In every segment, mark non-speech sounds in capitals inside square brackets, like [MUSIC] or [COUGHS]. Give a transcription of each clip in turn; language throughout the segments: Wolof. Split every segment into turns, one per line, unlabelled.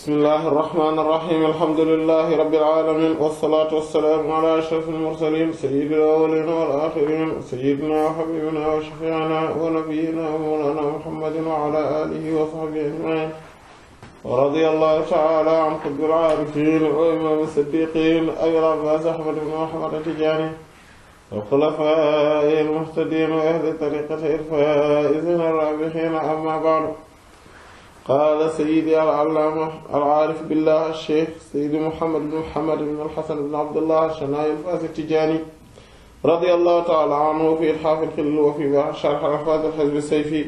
بسم الله الرحمن الرحيم الحمد لله رب العالمين والصلاة والسلام على أشرف المرسلين سيد الأولين والآخرين سيدنا وحبيبنا وشفيعنا ونبينا ومولانا محمد وعلى آله وصحبه أجمعين ورضي الله تعالى عن قد العارفين وإمام الصديقين أبي العباس أحمد بن محمد التجاني وخلفاء المهتدين وأهل طريقة الفائزين الرابحين أما بعد قال سيدي العلامة العارف بالله الشيخ سيدي محمد بن محمد بن الحسن بن عبد الله الشناي الفاز التجاني رضي الله تعالى عنه في إلحاف الخل وفي شرح أحفاد الحزب السيفي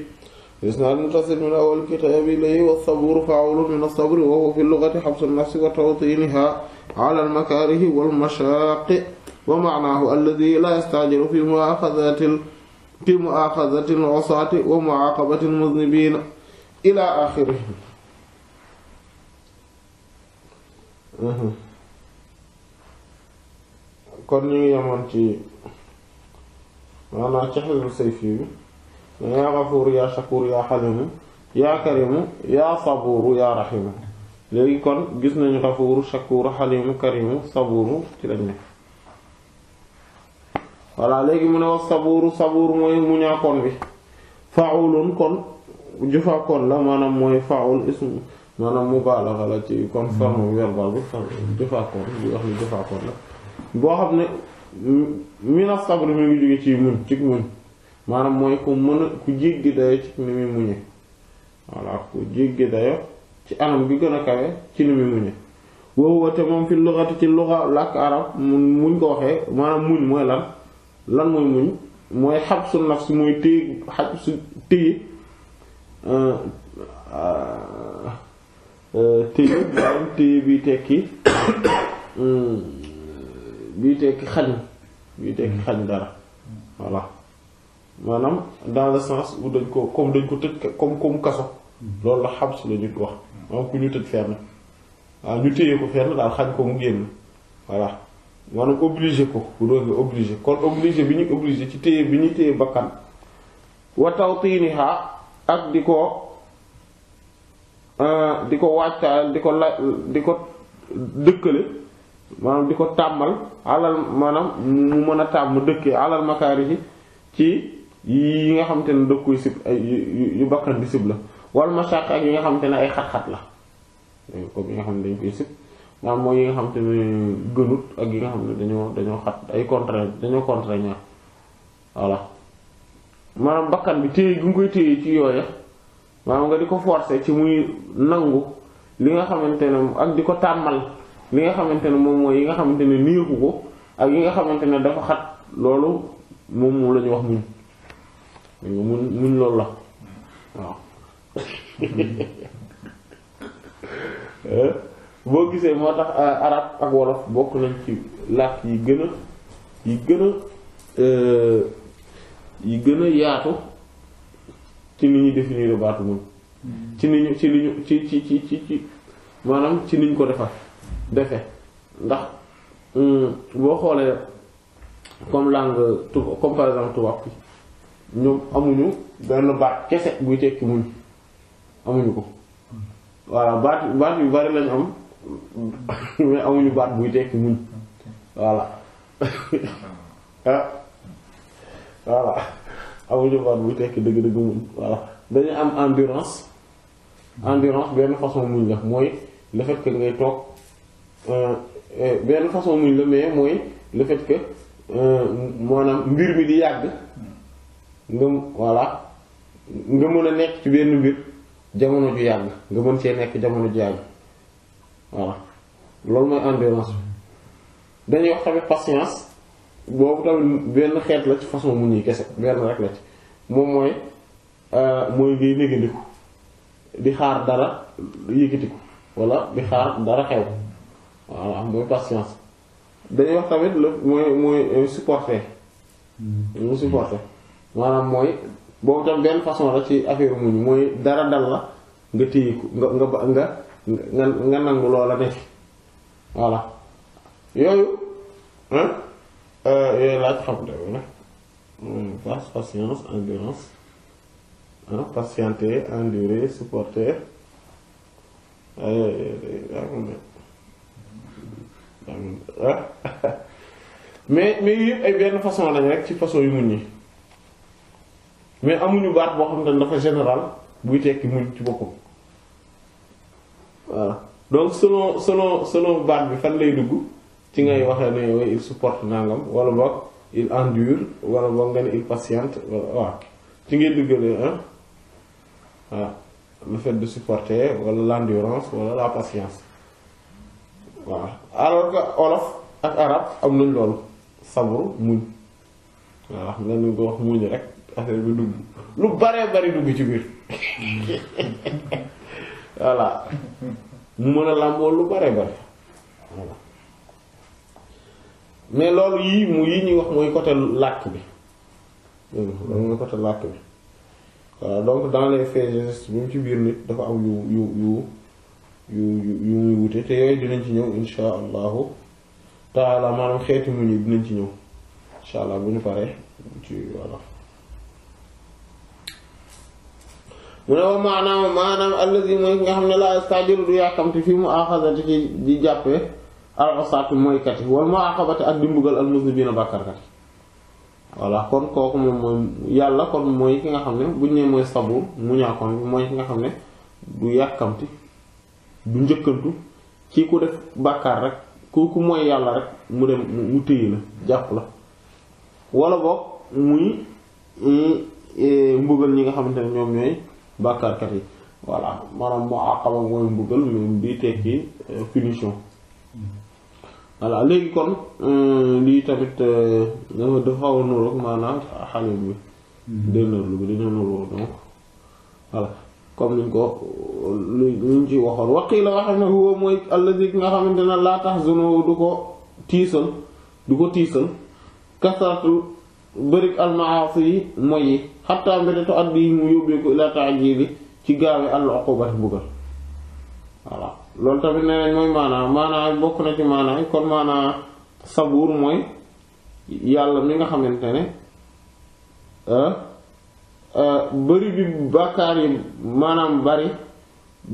الإسناد المتصل من أول الكتاب إليه والصبور فعول من الصبر وهو في اللغة حبس النفس وتوطينها على المكاره والمشاق ومعناه الذي لا يستعجل في مؤاخذة في مؤاخذة العصاة ومعاقبة المذنبين إلى آخره kon ñu yemoon ci maanaam ci xisbu sayfi bi yaa gafuur yaa shakuur yaa xalimu yaa karimu yaa sabuuru yaa raximu léegi kon gis nañu gafuur shakuur xalimu karimu sabuuru ci lañ ne voilà léegi mu ne wax sabuuru sabuur mooy muñaakoon bi faulun kon jëfaakoon la maanaam mooy faul ism maanaam mubaalaxa la ci kon mm-hmm. forme verbale bi jëfaakoon bi wax ni jëfaakoon la boo xam ne mina sabr mi ngi jóge ci muñ ci muñ maanaam mooy ku mën ku jéggi dayo ci ni muy anam bi gën a kawe ci ni muy muñe woowu te moom fi luxati ci luxa làkk arab muñ ko waxee maanaam muñ mooy lan lan mooy muñ mooy xabsu nafs mooy téye xabsu téye téye bi tekki bi tekki xañ bi tekki xañ dara voilà maanaam dans le sens où dañ ko comme dañ ko tëj comme comme kaso loolu la xam si la ñu wax maanaam ku ñu tëj fenn waaw ñu téye ko fenn daal xañ ko mu génn voilà maanaam obligé ko bu doon nga obligé kon obligé bi ñu obligé ci téye bi ñu téye bakkan wa tawtiniha ak di ko euh, di ko wàccaal di ko la di ko dëkkale maanaam di ko tàmmal alal maanaam mu mën a tàmm dëkkee alal makaari yi ci yi nga xamante ne dëkkuy sib ay yu bakkan di sib la wal ma mashaq ak yi nga xamante ne ay xat-xat la ko yi nga xam ne dañ koy sib maanaam mooy yi nga xamante ne gënut ak yi nga xam ne dañoo xat ay contraint dañoo contraignant voilà maanaam bakkan bi téye gi nga koy téye ci yooya maanaam nga di ko forcer ci muy nangu li nga xamante ne ak di ko tàmmal li nga xamante ne moom mooy yi nga xamante ne néexu ko ak yi nga xamante ne dafa xat loolu moom moom la ñu wax muñ muñ muñ la waaw [LAUGHS] boo gisee moo tax euh, arab ak wolof bokk nañ ci làkk yi gën a yi gën euh, yi gën a yaatu ci ni ñuy définir baatu muñ hmm. ci ni ñu ci li ñu ci ci ci ci ci maanaam ci niñ ko defar defe ndax hmm, boo xoolee comme langue tu comme par exemple tubaab bi ñoom amuñu benn baat kese buy tekki muñ amuñu ko voilà baat baat yu bari lañ am [LAUGHS] mais amuñu baat buy tekki muñ voilà [LAUGHS] ah. voilà abu jabbar buy tekki dëgg-dëgg muñ voilà dañu am endurance endurance benn façon muñ la mooy le fait que ngay euh, euh, façon muñ la mooy le fait euh, mbir mi di yàgg nga voilà nga mën a nekk ci benn mbir jamono ju yàgg nga mën cee nekk jamono ju yàgg voilà loolu mooy endurance bi dañuy wax patience boobu tamit benn xeet la ci façon mu ñuy kese benn rek la ci moom mooy euh, mooy ngay négandiku di xaar dara yëkkatiku wala di xaar dara xew voilà mooy patience dañuy wax tamit la mooy mooy euh, supporter mu mm. supporter maanaam mooy boobu tam benn façon la ci affaire muñ mooy dara dal la nga téye ko nga nga ba nga nga nga nangu loola yooyu Euh, la trappe, patience endurance hein, patienter endurer supporter hein? [LAUGHS] mais mais y a façon façon mais général donc selon selon selon ci ngay waxe ne il supporte nangam wala boog il endure wala boog nga ne il patiente waaw ci ngay duggalee ah waaw le fait de supporter wala l'endurance wala la patience waaw alors que olof ak arab am nañ loolu sabru muñ waaw nga nu ko wax muñ rek affaire bi dugg lu baree bari dugg ci biir [LAUGHS] voilà mu mën a làmboo lu baree bari voilà mais loolu yii mu yi ñuy wax mooy côté làkk bi loolu mooy côté làkk bi voilà donc dans les mu ci biir nit dafa am yu yu yu yu yu muy wute te yooyu dinañ ci ñëw insha allahu taala maanaam xeeti mu ñu dinañ ci ñëw insha allah bu ñu paree ci voilà mu ne wa maanaam maanaam allazi mooy nga xam ne laa stadiru du yàkkamte fii mu axasati ci di al-usaati mooy kat yi wal mu'aaqabati ak di mbugal al-muznibiina bàkkaarkat voilà kon kooku mooy yàlla kon mooy ki nga xam ne buñ ne mooy sabuur mu ñaakoon mooy ki nga xam ne du yàkkamti du njëkkantu ci ku def bàkkaar rek ku ku mooy yàlla rek mu dem mu téye la jàpp la wala boog muy eh, eh, mbugal ñi nga xamante ne ñoom ñooy bàkkaarkat yi voilà maanaam mu'aaqaba mooy mbugal moom di tekki eh, punition voilà léegi kon euh, lii tamit euh, dafa dafa xaw a nuru maanaam xale bi mhm. dénnoor lu bi dina nuru donc voilà comme niñ ko luñ ci waxoon waqi la waxe ne huwa mooy alladi nga xamante ne laa tax zuno du ko tiisal du ko tiisal kasaratu barik al maasi yi moy yi xataa mbede to at bi mu yóbbee ko ila taajili ci gaawe al aqubati bugal voilà loolu tamit nee nañ mooy maanaa maanaa bokk na ci maanaa yi kon maanaa sabuur mooy yàlla mi nga xamante ne ah, ah, bari bi bàkkaar yi maanaam bari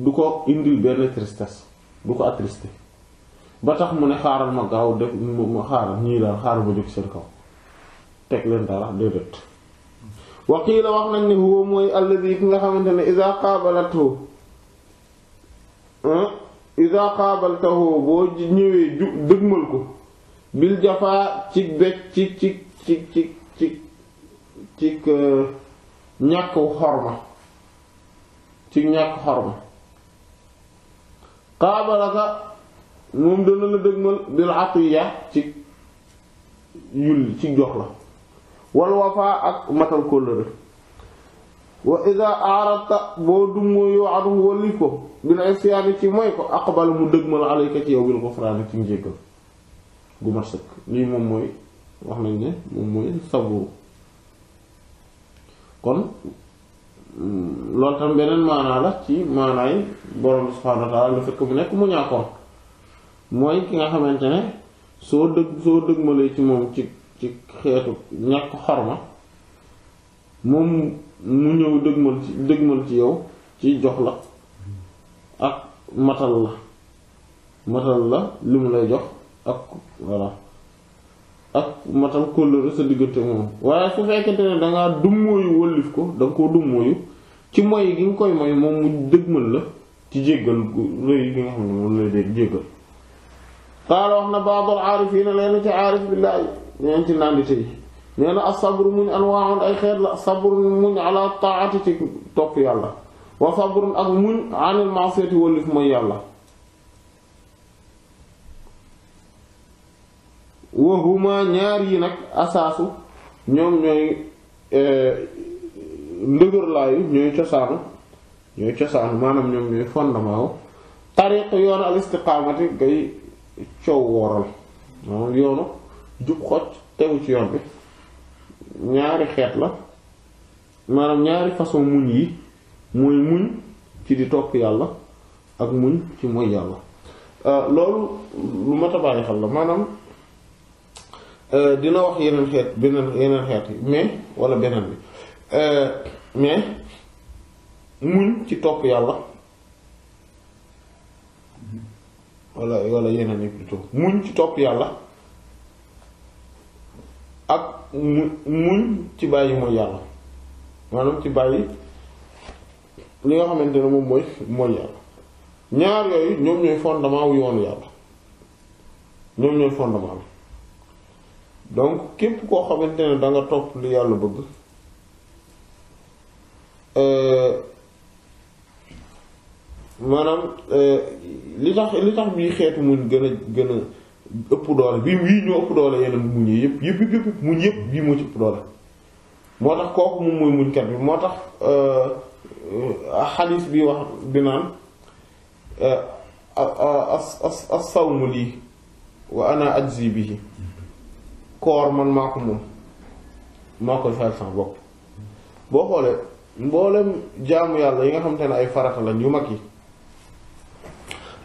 du ko indil benn tristesse du ko attristé ba tax mu ne xaaral ma gaaw def ma xaaral ñii daal xaaral ma jóg seen kaw teg leen dara déedéet waqiila wax nañ ne huwa mooy alladi ki nga xamante ne iza qabalatu ah, iza qaabaltahu boo ñëwee dëgmal ko bil jafaa ci becc ci ci ci ci ci ci euh, ñàkk xorma ci ñàkk xorma moom dana la dëgmal bil atiya ci yulli ci jox la wal ak matal kóllëre waa iza aradta boo dummoo yow aduhu wallif ko dina istiyaani ci mooy ko aqbala mu dëgmal alayka ci yow bil ghufraan ci njéggal gu sëkk lii moom mooy wax nañ ne moom mooy saburu kon loolu tam beneen maanaa la ci maanaay borom subhaanahu wa ta'aala la fekk nekk mu ñaakoon mooy ki nga xamante ne soo dëgg soo dëgmalee ci moom ci ci xeetu ñàkk xorma moom mu ñëw dëgmal ci dëgmal ci yow ci jox la ak matal la matal la li mu lay jox ak voilà ak matal kóllëre sa diggante moom waaye su fekkente ne dangaa dummóoyu wëllif ko danga koo dummóoyu ci moy gi nga koy moy moom mu dëgmal la ci jéggal rëy gi nga xam ne moom lay dégg jéggal xaala wax na baadal aarif yi na leen ci aarif billaahi ñeen ci nandite yi nee na as-sabru muñ anwaa'un ay xeet la sabrun muñ ala taa'ati ci topp yàlla wa sabrun ak muñ anil ma'siyati wallif mooy yàlla wa huma ñaar yi nag asaasu ñoom ñooy e, ndëgërlaayu ñooy cosaanu ñooy cosaanu maanaam ñoom ñooy fondement wu tariq al istiqaamati ngay coow wooral maanaam yoonu jub xoj tegu ci yoon bi ñaari xeet la maanaam ñaari façon muñ yi mooy muñ ci di topp yàlla ak muñ ci mooy yàlla euh, loolu lu ma tabaay xel la maanaam euh, dina wax yeneen xeet beneen yeneen xeet yi mais wala beneen bi euh, mais muñ ci topp yàlla walla wala yeneen yi muñ ci topp yàlla ak mu muñ ci bàyyi mooy yàlla maanaam ci bàyyi li nga xamante ne moom mooy mooy yàlla ñaar yooyu ñoom ñooy fondement wu yoonu yàlla ñoom képp koo xamante ne danga topp li yàlla bëgg euh, maanaam euh, li tax li tax bii xeetu muñ gën a gën ëpp doole bi wii ñoo ëpp doole yeneen muñ yi yëpp yëpp yëpp muñ yëpp bii moo ci ëpp doole moo tax kooku moom mooy muñkat bi moo tax euh, euh, xadiis bi wax dinaan euh, as as sawmu lii wa ana ajzi bihi koor man maa ko moom maa koy fayal bopp boo xoolee mboolem jaamu yàlla yi nga xam te ne ay farata lañ yu mag yi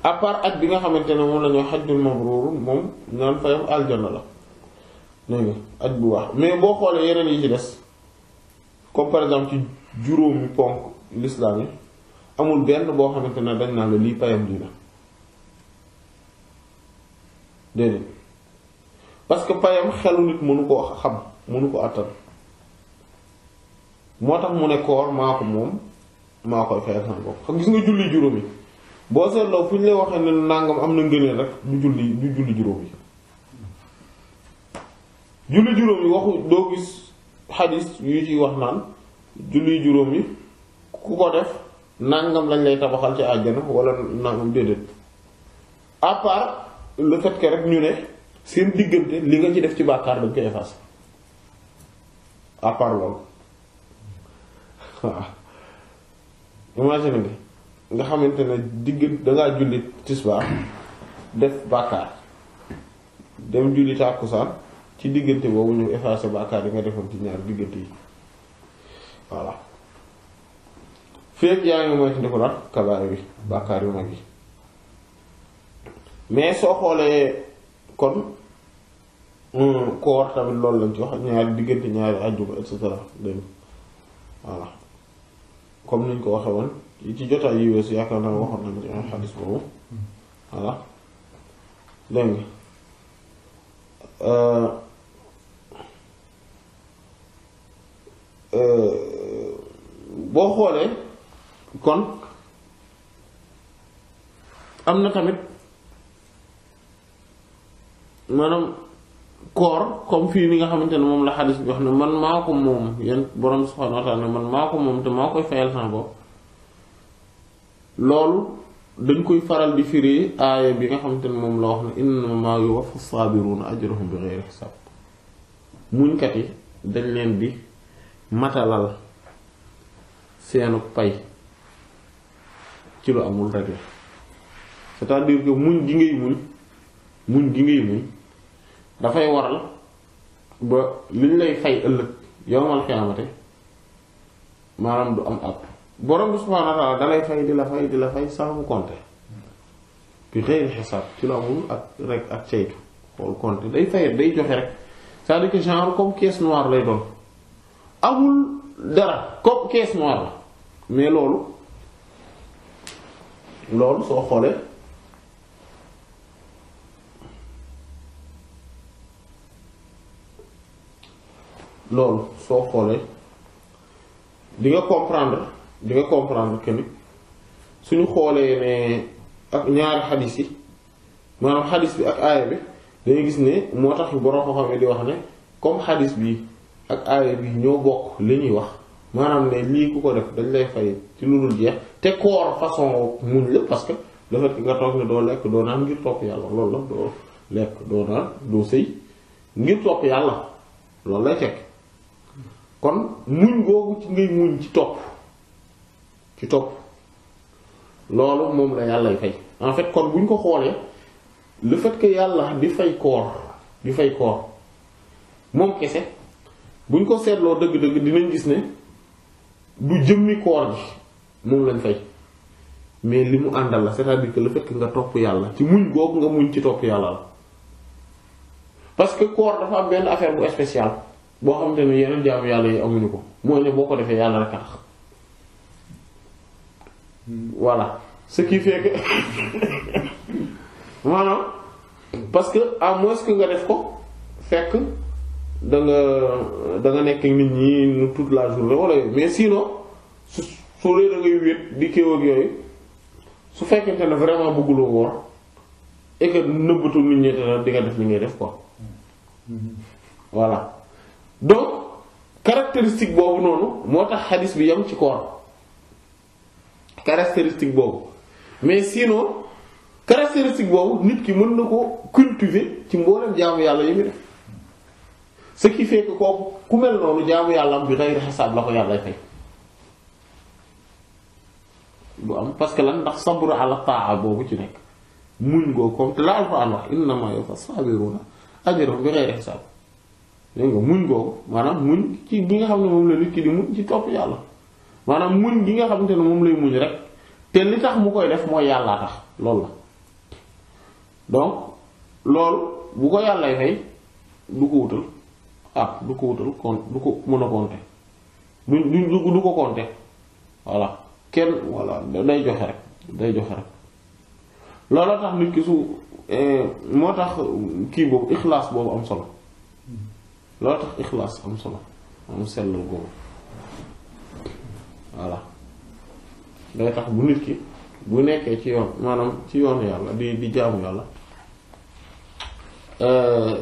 à part ak bi nga xamante ne moom la ñoo xajjul mabruur moom ñaan fayam aljanna la dégg nga aj bu baax mais boo xoolee yeneen yi ci des comme par exemple ci juróomi ponk l'islam yi amul benn boo xamante ne dañ naa la lii payam lii déedéet parce que payam xelu nit mënu ko xam mënu ko àttan moo tax mu ne koor maa ko moom maa koy fayal xam ko gis nga julli juróomi boo seetloo fu ñu lay waxee ne nangam am na ngëneel rek du julli du julli juróom yi julli juróom yi waxu doo gis xadis yu ci wax naan julli juróom yi ku ko def nangam lañ lay tabaxal ci àjjana wala nangam déedéet à part le rek ñu ne seen diggante li nga ci def ci bàkkaar dañ koy effacer à loolu waaw [LAUGHS] imagine bi nga xamante ne digg dangaa julli tisbaar def bàkkaar dem julli tàkkusaan ci diggante boobu ñu effacé bàkkaar yi nga defoon ci ñaar diggante yi voilà fekk yaa ngi moytu ndeku nag kabaar bi bàkkaar yu mag yi mais soo xoolee kon hmm, koor tamit loolu lañ ci wax ñaari diggante ñaari àjjuma et cetera dégg comme niñ ko waxee woon yi ci jotaay yi weesu yaakaar naa waxoon nañ ci xadis boobu voilà dégg nga euh, euh, boo xoolee kon am na tamit maanaam koor comme fii ni nga xamante ne moom la xaalis bi wax ne man maa ko moom yéen borom subhaanahu wa taala man maa ko moom te maa koy fayal sama bopp loolu dañ koy faral di firi aaya bi nga xamante ne moom la wax ne innamaa yuwaffa saabiruuna ajrahum bi ghayri hisaab muñkat dañ leen di matalal seenu pay ci lu amul rek la cest à muñ gi ngay muñ muñ gi ngay muñ dafay waral ba liñ lay fay ëllëg yowmal xiyaamate maanaam du am àpp borom bi fa wa ta'aala dalay fay di la fay di la fay sans mu bi xëy xisaab ci la ak rek ak ceytu xool compter day fay day joxe rek cest à genre comme caisse noire lay doon amul dara comme caisse noire la mais loolu loolu soo xoolee loolu soo xoolee di nga comprendre. di nga comprendre que ni suñu xoolee ne ak ñaari xadis yi maanaam xadis bi ak aaya bi dañuy gis ne moo tax borom ko xamee di wax ne comme xadis bi ak aaya bi ñoo bokk li ñuy wax maanaam ne lii ku ko def dañ lay fay ci lu dul jeex te koor façon muñ la parce que le fait nga toog ne doo lekk doo naan ngir topp yàlla loolu la doo lay teg kon muñ googu ci ngay muñ ci topp ki topp loolu moom la yàllay fay en fait kon bu ñu ko xoolee le fait yàlla di fay koor di fay koor moom kese bu ñu ko seetloo dëgg-dëgg dinañ gis ne du jëmmi koor ji moom lañ fay mais li mu àndal la c'est-à-dire que le fait que nga topp yàlla ci muñ googu nga muñ ci topp yàlla la parce que koor dafa am benn affaire bu spéciale boo xamante ne yeneen jaamu yàlla yi amuñu ko mooy ne boo ko defee yàlla rek a tax voilà ce qui fait que maanaam [LAUGHS] parce que à moins nga def ko fekk da nga da nekk nit ñi nu toute la journée wala yooyu mais sinon su soo dee da ngay wéet di kéew yooyu su fekkente ne vraiment bëgguloo woor et que nëbbatu nit ñi te di nga def li ngay def ko voilà donc caractéristique boobu noonu moo tax xadis bi yam ci koor caractéristique boobu mais sinon caractéristique boobu nit ki mën na ko cultiver ci mboolem jaamu yàlla yi muy def ce qui fait kooku ku mel noonu jaamu yàlla am bi day xisaab la ko yàlla fay du am parce que lan ndax sabru ala ta'a boobu ci nekk muñ goo comme la Alxuraan wax innama bi ghayri hisaab dégg nga muñ googu maanaam muñ ci gi nga xam ne moom la nit ki di muñ ci topp yàlla maanaam muñ gi nga xamante ne moom lay muñ rek te li tax mu koy def mooy yàllaa tax loolu la donc loolu bu ko yàllay fay du ko wutal ah du ko wutal compte du ko mën a compter du du ko compter voilà kenn voilà day joxe rek day joxe tax nit ki su eh, moo tax kii boobu ixlaas boobu am solo looloo tax ixlaas am solo am sellal boobu voilà day tax bu nit ki bu nekkee ci yoon maanaam ci yoonu yàlla di di jaamu yàlla euh,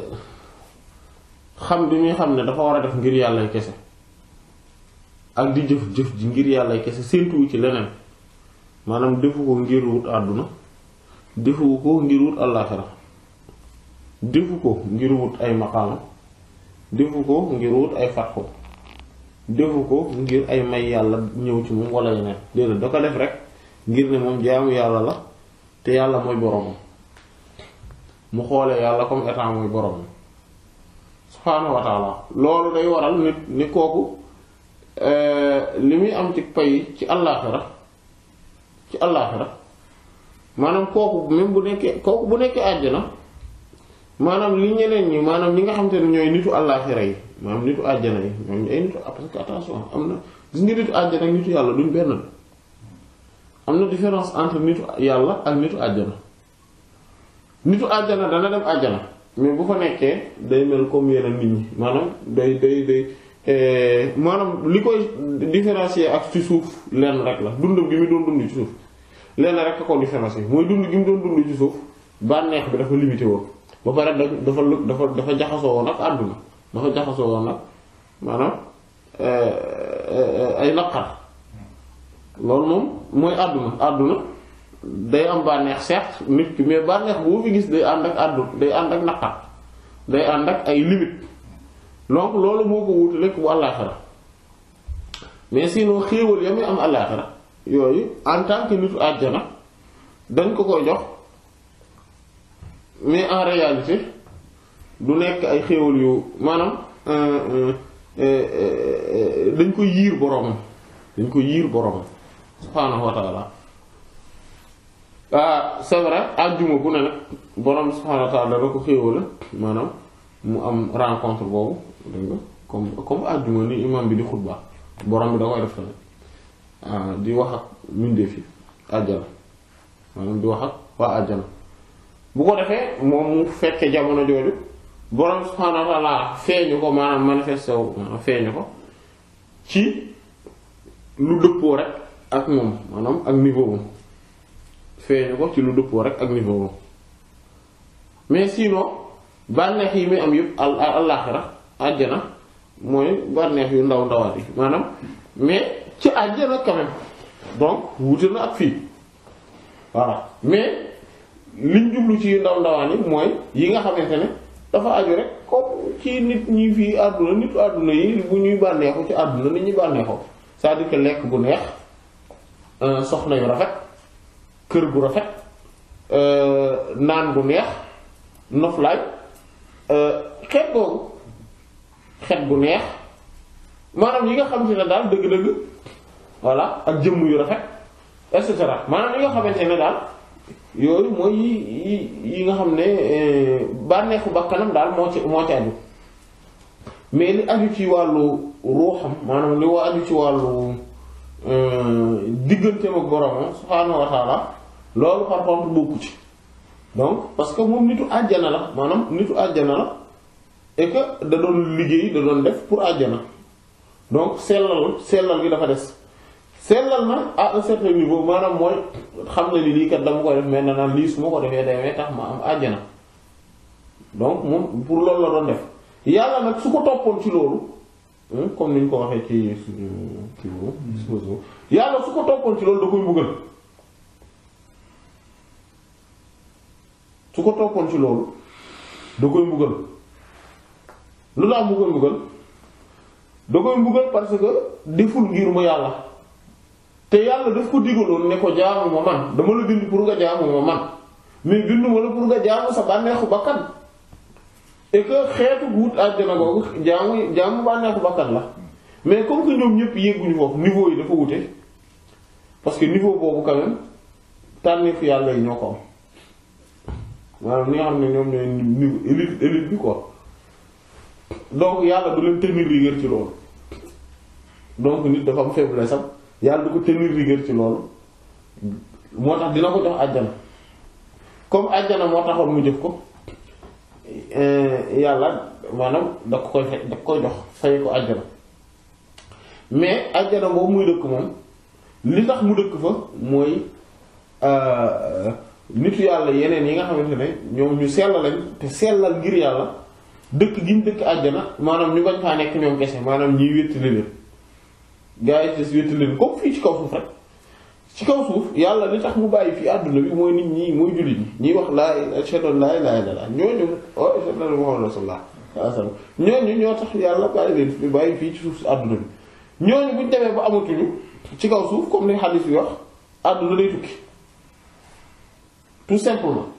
xam bi muy xam ne dafa war a def ngir yàllay kese ak di jëf jëf ji ngir yàllay kese séentuwu ci leneen maanaam defu ko ngir wut àdduna defu ko ngir wut àllaaxira defu ko ngir wut ay maqaama defu ko ngir wut ay fatxu defu ko ngir ay may yàlla ñëw ci moom wala yeneen déedéet da ko def rek ngir ne moom jaamu yàlla la te yàlla mooy boroomam mu xoole yàlla comme état mooy boroomam subhaanahu wa loolu day waral nit ni kooku euh, li muy am ci pay ci àllaaxira ci àllaaxira maanaam kooku même bu nekkee kooku bu nekkee àjjana maanaam li ñeneen ñi maanaam ñi nga xam te ñooy nitu àllaaxira yi maanaam nitu àjjana yi ñoom ay nitu parce attention am na gis nga nitu àjjana ak nitu yàlla duñ benn la am na différence entre yàlla ak nitu àjjana nitu àjjana dana dem àjjana mais bu fa nekkee day mel comme yeneen nit ñi maanaam day day day eh, maanaam li koy différencier ak ci suuf lenn rek la dund gi mu doon dund ci suuf lenn rek a ko différencier mooy dund gi mu doon dund ci suuf bànneex bi dafa limité woon ba pare dafa dafa dafa jaxasoo woon ak àdduna dafa jaxasoo woon nag maanaam euh, euh, ay naqar loolu moom mooy àdduna àdduna day am bànneex certes nit ki mais bànneex boo fi gis day ànd ak àddu day ànd ak naqar day ànd ak ay limite donc loolu moo ko wuti lekk bu àllaaxira mais sinon xéewal ya am àllaaxira yooyu en tant que nitu àjjana dañ ko koy jox mais en réalité du nekk ay xéewal yu maanaam euh, euh, euh, dañ ko yiir boroomam dañ ko yiir boroom subhaanahu wa taala ah c'est àjjuma bu ne nag boroom subhaanahu wa taala ko xéewal maanaam mu am rencontre boobu dégg nga comme comme àjjuma ni imam bi di xutba boroom bi da koy def tamit ah, di wax ak mbindeef yi àjjana maanaam di wax ak waa àjjana bu ko defee moom mu fekkee jamono jooju borom subhaanahu wa feeñu ko maanaam manifesté maanaam feeñu ko ci lu dëppoo rek ak moom maanaam ak niveau feeñu ko ci lu dëppoo rek ak niveau moom mais sinon bànneex yi muy am yëpp al àllaaxira àjjana mooy bànneex yu ndaw ndawaat yi maanaam mais ci àjjana quand même donc wuute ak fii voilà mais liñ jublu ci yu ndaw ndawaan yi mooy yi nga xamante ne. dafa aju rek comme ci nit ñi fii àdduna nitu àdduna yi bu ñuy bànneexu ci àdduna nit ñi bànneexu c'est-à-dire que lekk bu neex euh, soxna yu rafet kër gu rafet euh, naan gu neex noflaay euh, xet googu xet gu neex maanaam yi nga xam si ne daal dëgg-dëgg voilà ak jëmm yu rafet et cetera maanaam yi nga xamante ne daal yooyu mooy yi yi nga xam ne eh, bànneexu bakkanam daal moo ci moo ci aju mais li aju ci wàllu ruuxam maanaam li wa aju ci wàllu eh, digganteem ak boromam subhaanahu wa taala loolu parce que moom nitu àjjana la maanaam nitu àjjana la et que da doon liggéey da doon def pour àjjana donc sellal sellal gi dafa des seetlal na à un certain niveau maanaam mooy xam na ni lii kat dama koy def mais na naan lii su ma ko defee day tax ma am àjjana donc moom pour loolu la doon def yàlla nag su ko toppoon ci loolu comme ni ko waxee ci suñu kii hmm. ko toppoon ci loolu da koy mbugal su ko toppoon ci loolu da koy mbugal lu tax mu koy mbugal da koy mbugal parce que deful ngir mu yàlla. te yàlla daf ko digaloon ne ko jaamu ma man dama la bind pour nga jaamu ma man mais bindu ma la pour nga jaamu sa bànneexu bakkan et que xeetu wut àjjana googu jaamu jaamu bànneexu bakkan la mais comme que ñoom ñëpp yegguñu foofu niveau yi dafa wute parce que niveau boobu quand même tànneefu yàlla yi ñoo ko am maanaam xam ne ñoom ñooy niveau élite élite bi quoi donc yàlla du leen tenir rigueur ci loolu donc nit dafa am faiblesse yàlla du ko tenir rigueur ci loolu moo tax dina ko jox àjjana comme àjjana moo taxoon mu jëf ko eh, yàlla maanaam da ko koy da ko koy jox fay ko àjjana mais àjjana boobu muy dëkk moom li tax mu dëkk fa mooy eh, nitu yàlla yeneen yi nga xamante ne ñoom ñu sell lañ te sellal ngir yàlla dëkk gi ñu dëkk àjjana maanaam ñu bañ faa nekk ñoom kese maanaam ñiy wéttali leen gaa yi ci wéttali bi comme fii ci kaw suuf rek ci kaw suuf yàlla li tax mu bàyyi fii àdduna bi mooy nit ñi mooy jullit ñi ñiy wax laa ashhadu a laa ilaaha illallaah ñooñu wa oh, ashhadu anna muhammadan rasuulullaah ñooñu ñoo tax yàlla bàyyi leen fii ci suuf si àdduna bi ñooñu buñ demee ba amatuñu ci kaw suuf comme ni xadiis bi wax àdduna day tukki tout simplement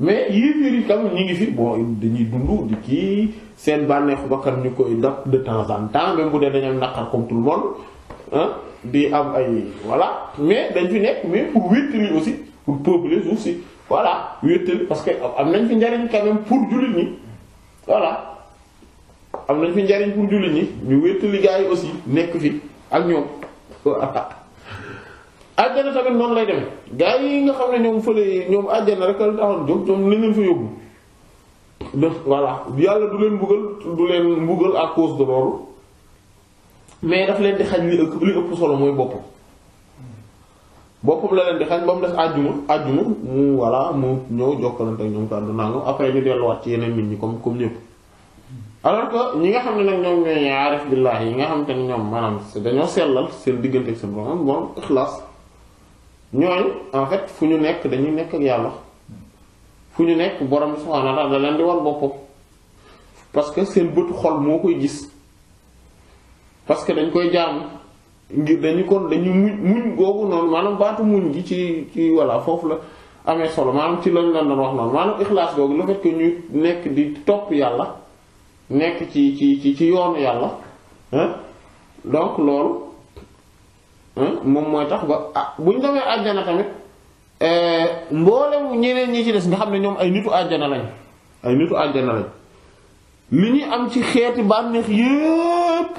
mais yéeféer yi tamit ñu ngi fi boo dañuy dund di kii seen bànneexu bakkan ñu koy dab de temps en temps même bu dee dañu am naqar comme tout le di am ay voilà mais dañ fi nekk mais pour wéttali aussi pour peupler suuf si voilà wéttali parce que am nañ fi njariñ quand pour jullit ñi voilà am nañ fi njariñ pour jullit ñi ñu wéttali gaa yi aussi nekk fi ak ñoom euh, àjjana tamit noonu lay demee gaa yi nga xam ne ñoom fële ñoom àjjana rek la taxoon jóg ñoom nañ leen fa yóbbu. yàlla du leen mbugal du leen mbugal à leen di xañ li ëpp mooy boppam. boppam la leen di xañ ba mu des àjjuma àjjuma mu voilà mu ñëw ñoom kàddu nangam après ñu delluwaat ci yeneen nit ñi comme comme ñi nga xam ne nag ñoom ñooy aarif billaah yi nga xam te ñoom maanaam dañoo sellal seen diggante ak seen borom moom ixlaas ñooñu en fait fu ñu nekk dañuy nekk ak yàlla fu ñu nekk borom subhaanahu wa leen di wal boppam parce que seen bëtu xol moo koy gis parce que dañ koy jaam ngir dañu kon dañu muñ googu noonu maanaam baatu muñ gi ci ci voilà foofu la amee solo maanaam ci lañ lan doon wax noonu maanaam ixlaas googu le fait que ñu nekk di topp yàlla nekk ci ci ci yoonu yàlla donc loolu Hmm? moom mooy tax ba ah bu ñu demee àjjana tamit eh, mboolem ñeneen ñi ci des nga xam ne ñoom ay nitu àjjana lañ ay nitu àjjana lañ li ñuy am ci xeeti bànneex yépp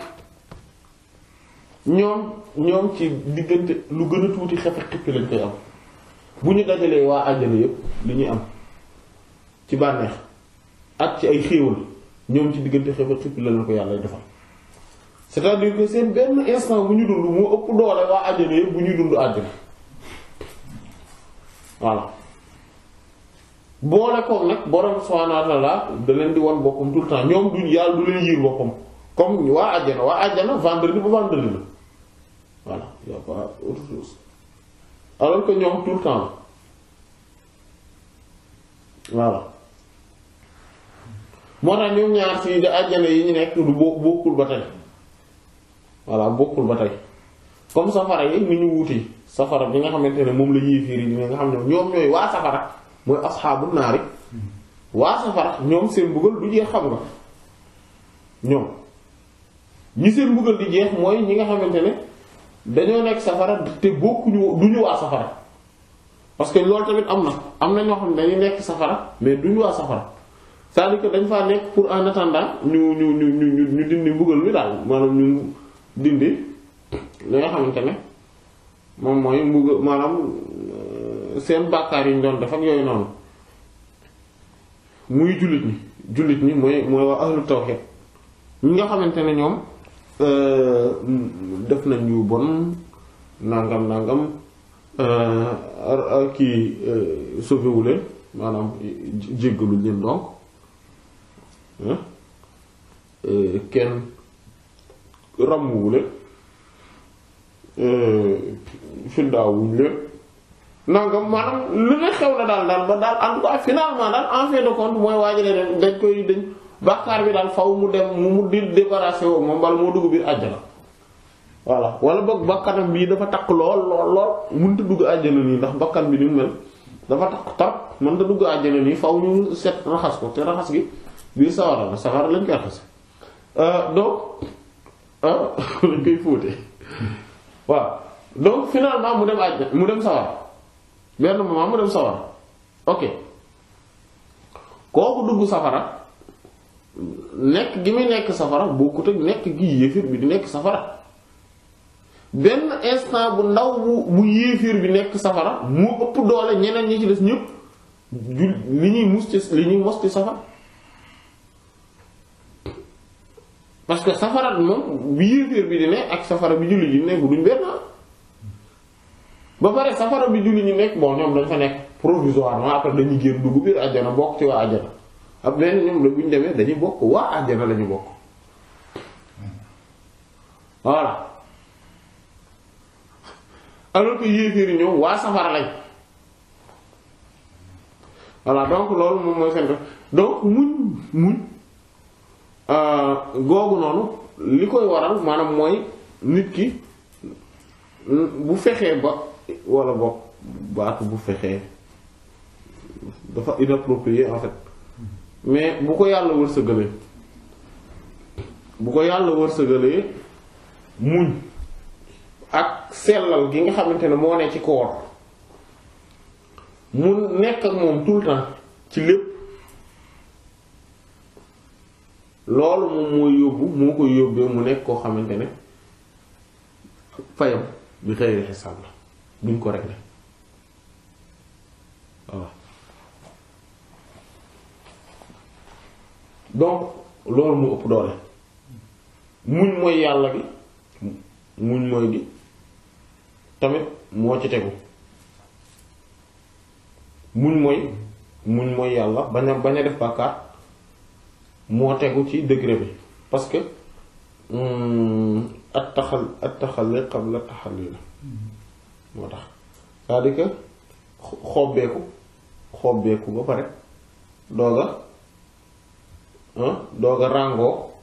ñoom ñoom ci diggante lu gën a tuuti xefe xippi lañ koy am bu ñu dajalee waa àjjana yépp li ñuy am ci bànneex ak ci ay xéewal ñoom ci diggante xefe xippi lañ ko yàlla defal c'est-à-dire que seen benn instant bu ñu dund moo ëpp doole waa àjjana yëpp bu ñuy dund àjjana voilà boole koog nag borom subhaanahu wa ta'aala da leen di wan boppam tout le temps ñoom duñ yàlla du leen yiir boppam comme waa àjjana waa àjjana vendredi ba vendredi la voilà y autre chose alors que ñoom tout temps voilà moo tax ñoom ñaar ci àjjana yi ñu nekk du bokkul ba tey. voilà bokkul ba tey comme safara yi ni ñu wuti safara bi nga xamante ne moom la yéefiir yi nga xam ne ñoom ñooy waa safara mooy asxaabu naari waa safara ñoom seen mbugal du jeex xam nga ñoom ñi seen mbugal di jeex mooy ñi nga xamante ne dañoo nekk safara te bokkuñu du ñu waa safara parce que loolu tamit am na am na ñoo xam ne ñu nekk safara mais duñu ñu waa safara c'est-à-dire dañ faa nekk pour en attendant ñu ñu ñu ñu ñu dindi mbugal mi daal maanaam ñun dindi li nga xamante ne moom mooy mbugg maanaam euh, seen bàkkaar yi doon def ak yooyu noonu muy jullit ñi jullit ñi mooy mooy waa ahlu tawhid ñi nga xamante ne ñoom euh, def nañ ñu bon nangam nangam euh, kii sauvéwu leen maanaam jéggalu leen donc kenn ràmmuwu leen euh, findaawuñ leen nangam maanaam lu ne xew na daal daal ba daal en tout cas finalement daal en de compte mooy waajale dem dañ koy dañ bàkkaar bi daal faw mu dem mu di débarrassé woo moom bala moo dugg biir àjjana voilà wala boog bii dafa takk lool lool lool mënta dugg àjjana nii ndax bakkan bi ni mu mel dafa takk tar mënta dugg àjjana nii faw ñu set raxas ko te raxas gi biir sawara la sawara lañ koy raxas euh, donc ah lañ [LAUGHS] koy fóote waaw donc finalement mu dem àjj mu dem sawar benn moment mu dem sawar ok kooku dugg safara nekk gi muy nekk safara bokkut ak nekk gi yéefir bi di nekk safara benn instant bu ndaw bu bu yéefir bi nekk safara mu ëpp doole ñeneen ñi ci des ñëpp li ñuy mus ci li ñuy mos ci safara parce que safara moom bi bi di ne ak safara bi julli ji nekk duñ benn ba pare safara bi julli ñi nekk bon ñoom dañ fa nekk provisoirement ak dañuy génn dugg biir àjjana bokk ci waa àjjana ab benn ñoom demee dañuy bokk waa àjjana lañu bokk voilà alors que ñoom waa safara lañ voilà donc loolu moom mooy seen donc muñ muñ Euh, googu noonu li koy waral maanaam mooy nit ki bu fexee ba wala boog baatu bu fexee dafa inapproprié en fait mais bu ko yàlla wërsëgalee bu ko yàlla wërsëgalee muñ ak sellal gi nga xamante ne moo ne ci koor mu nekk ak moom tout le temps ci lépp loolu moom mooy yóbbu moo koy yóbbee mu nekk koo xamante ne fayam bi xëyri xisaab la duñ ko régler waaw donc loolu mu ëpp doole muñ mooy yàlla gi muñ mooy gi tamit moo ci tegu muñ mooy muñ mooy yàlla bañ a bañ def bàkkaar moo tegu ci degré bi parce que at taxal at la moo tax c'est-à-dire que xobbeeku xobbeeku ba pare dooga dooga ràngoo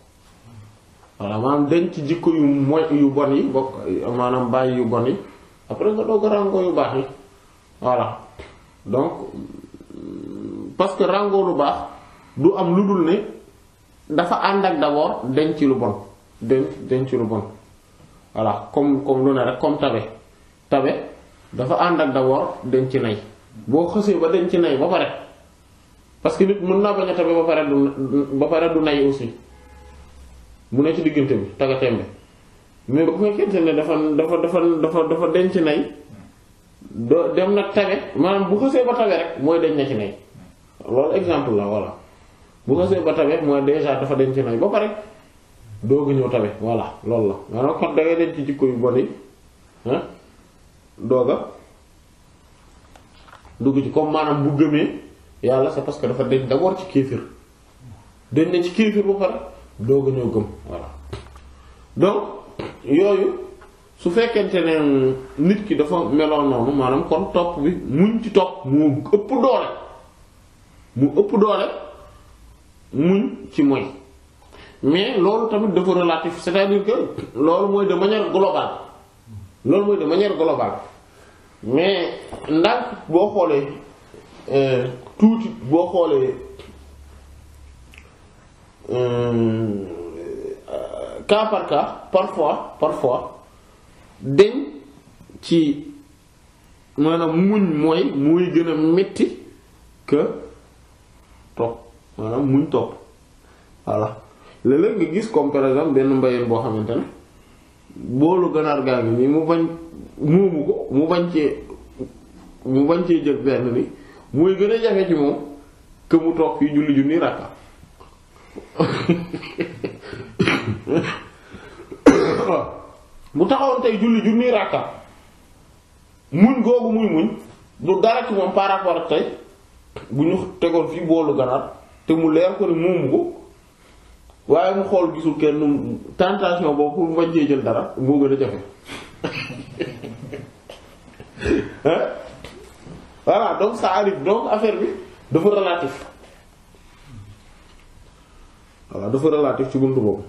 voilà maanaam denc ci jikko yu moy yu bon yi maanaam bàyyi yu bon yi après nga dooga ràngoo yu baax yi voilà donc parce que ràngoo lu baax du am lu dul ne dafa ànd ak d'abord denc lu bon denc denc lu bon voilà comme comme lu ne rek comme tabe tabe dafa ànd ak d'abord denc nay boo xësee ba denc nay ba pare parce que nit mën naa bañ a tabe ba pare du ba pare du nay aussi mu ne ci diggante bi tagatémbe mais bu fekkente ne dafa dafa dafa dafa dafa denc nay do dem nag tabe maanaam bu xësee ba tabe rek mooy denc na ci nay loolu exemple la voilà. bu xasee ba tabe mooy déjà dafa denc nay ba pare doogu ñëw tabe voilà lool la maanaam kon dangay denc jikko yu bon yi dooga dugg ci comme maanaam bu gëmee yàlla c'est parce que dafa denc d'abord ci kéefir denc na ci kéefir ba pare dooga ñëw gëm voilà donc yooyu su fekkente ne nit ki dafa meloon noonu maanaam kon topp bi muñ ci topp mu ëpp doole mu ëpp doole muñ ci moy mais loolu tamit dafa relatif cest à loolu mooy de manière globale loolu mooy de manière globale mais ndax boo xoolee euh, tuuti boo xoolee euh, cas par cas parfois parfois dañ ci maanaam muñ mooy muy gën a metti que maanaam muñ topp voilà léeg nga gis comme benn mbayeen boo xamante ne boolu ganaar gaa ngi nii mu bañ muumu ko mu bañ cee mu bañ cee jël benn bi mooy gën a jafe ci moom que mu toog fii julli junni ràkka bu taxawoon tey julli junni ràkka muñ googu muy muñ du dara ci moom par rapport tey bu ñu tegoon fii boolu ganaar te mu leer ko ne moomu ko waaye mu xool gisul kenn tentation boobu mu wàññee jël dara moo gën a jafe [LAUGHS] hein voilà donc ça arrive donc affaire bi dafa relatif voilà dafa relatif ci buntu boobu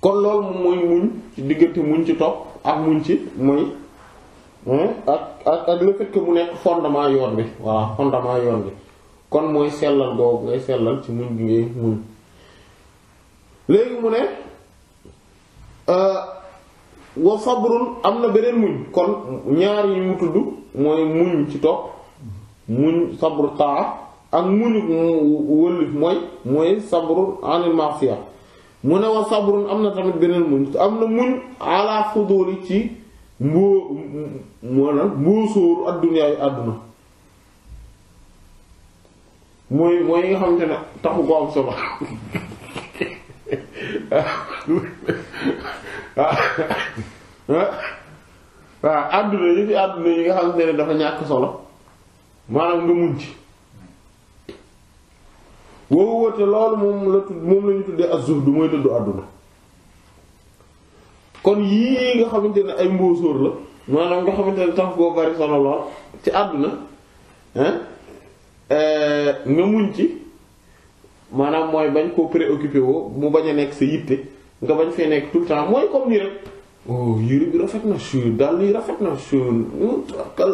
kon loolu mooy muñ ci diggante muñ ci topp ak muñ ci mooy Hmm? ak ak ak mu nekk fondement yoon bi voilà fondement yoon bi kon mooy sellal boobu ngay sellal ci muñ gi ngay muñ léegi mu ne euh, wa sabrun am na beneen muñ kon ñaar yi mu tudd mooy muñ ci topp muñ sabru taa ak muñu wëllif mooy mooy sabru anil ma'siya mu ne wa sabrun am na tamit beneen muñ am na muñ ala fuduli ci mboo moo nag mboo sóoru adduniyaayu àdduna mooy mooy yi nga xamante ne taxu ko am solo waaw [LAUGHS] ah, àdduna yi fi àdduna yi nga xamante ne dafa ñàkk solo maanaam nga muñ ci woo woote loolu moom la tudd moom lañu tuddee az-zuhd mooy dëddu àdduna kon yii nga xamante ne ay mbóosóor la maanaam nga xamante ne tax boo bari solo lool ci àdduna euh, nga muñ ci maanaam mooy bañ koo préoccupé woo mu bañ a nekk sa yitte nga bañ fee nekk tout le temps mooy comme nii rek oh yére bi rafet na su dal yi rafet na su kal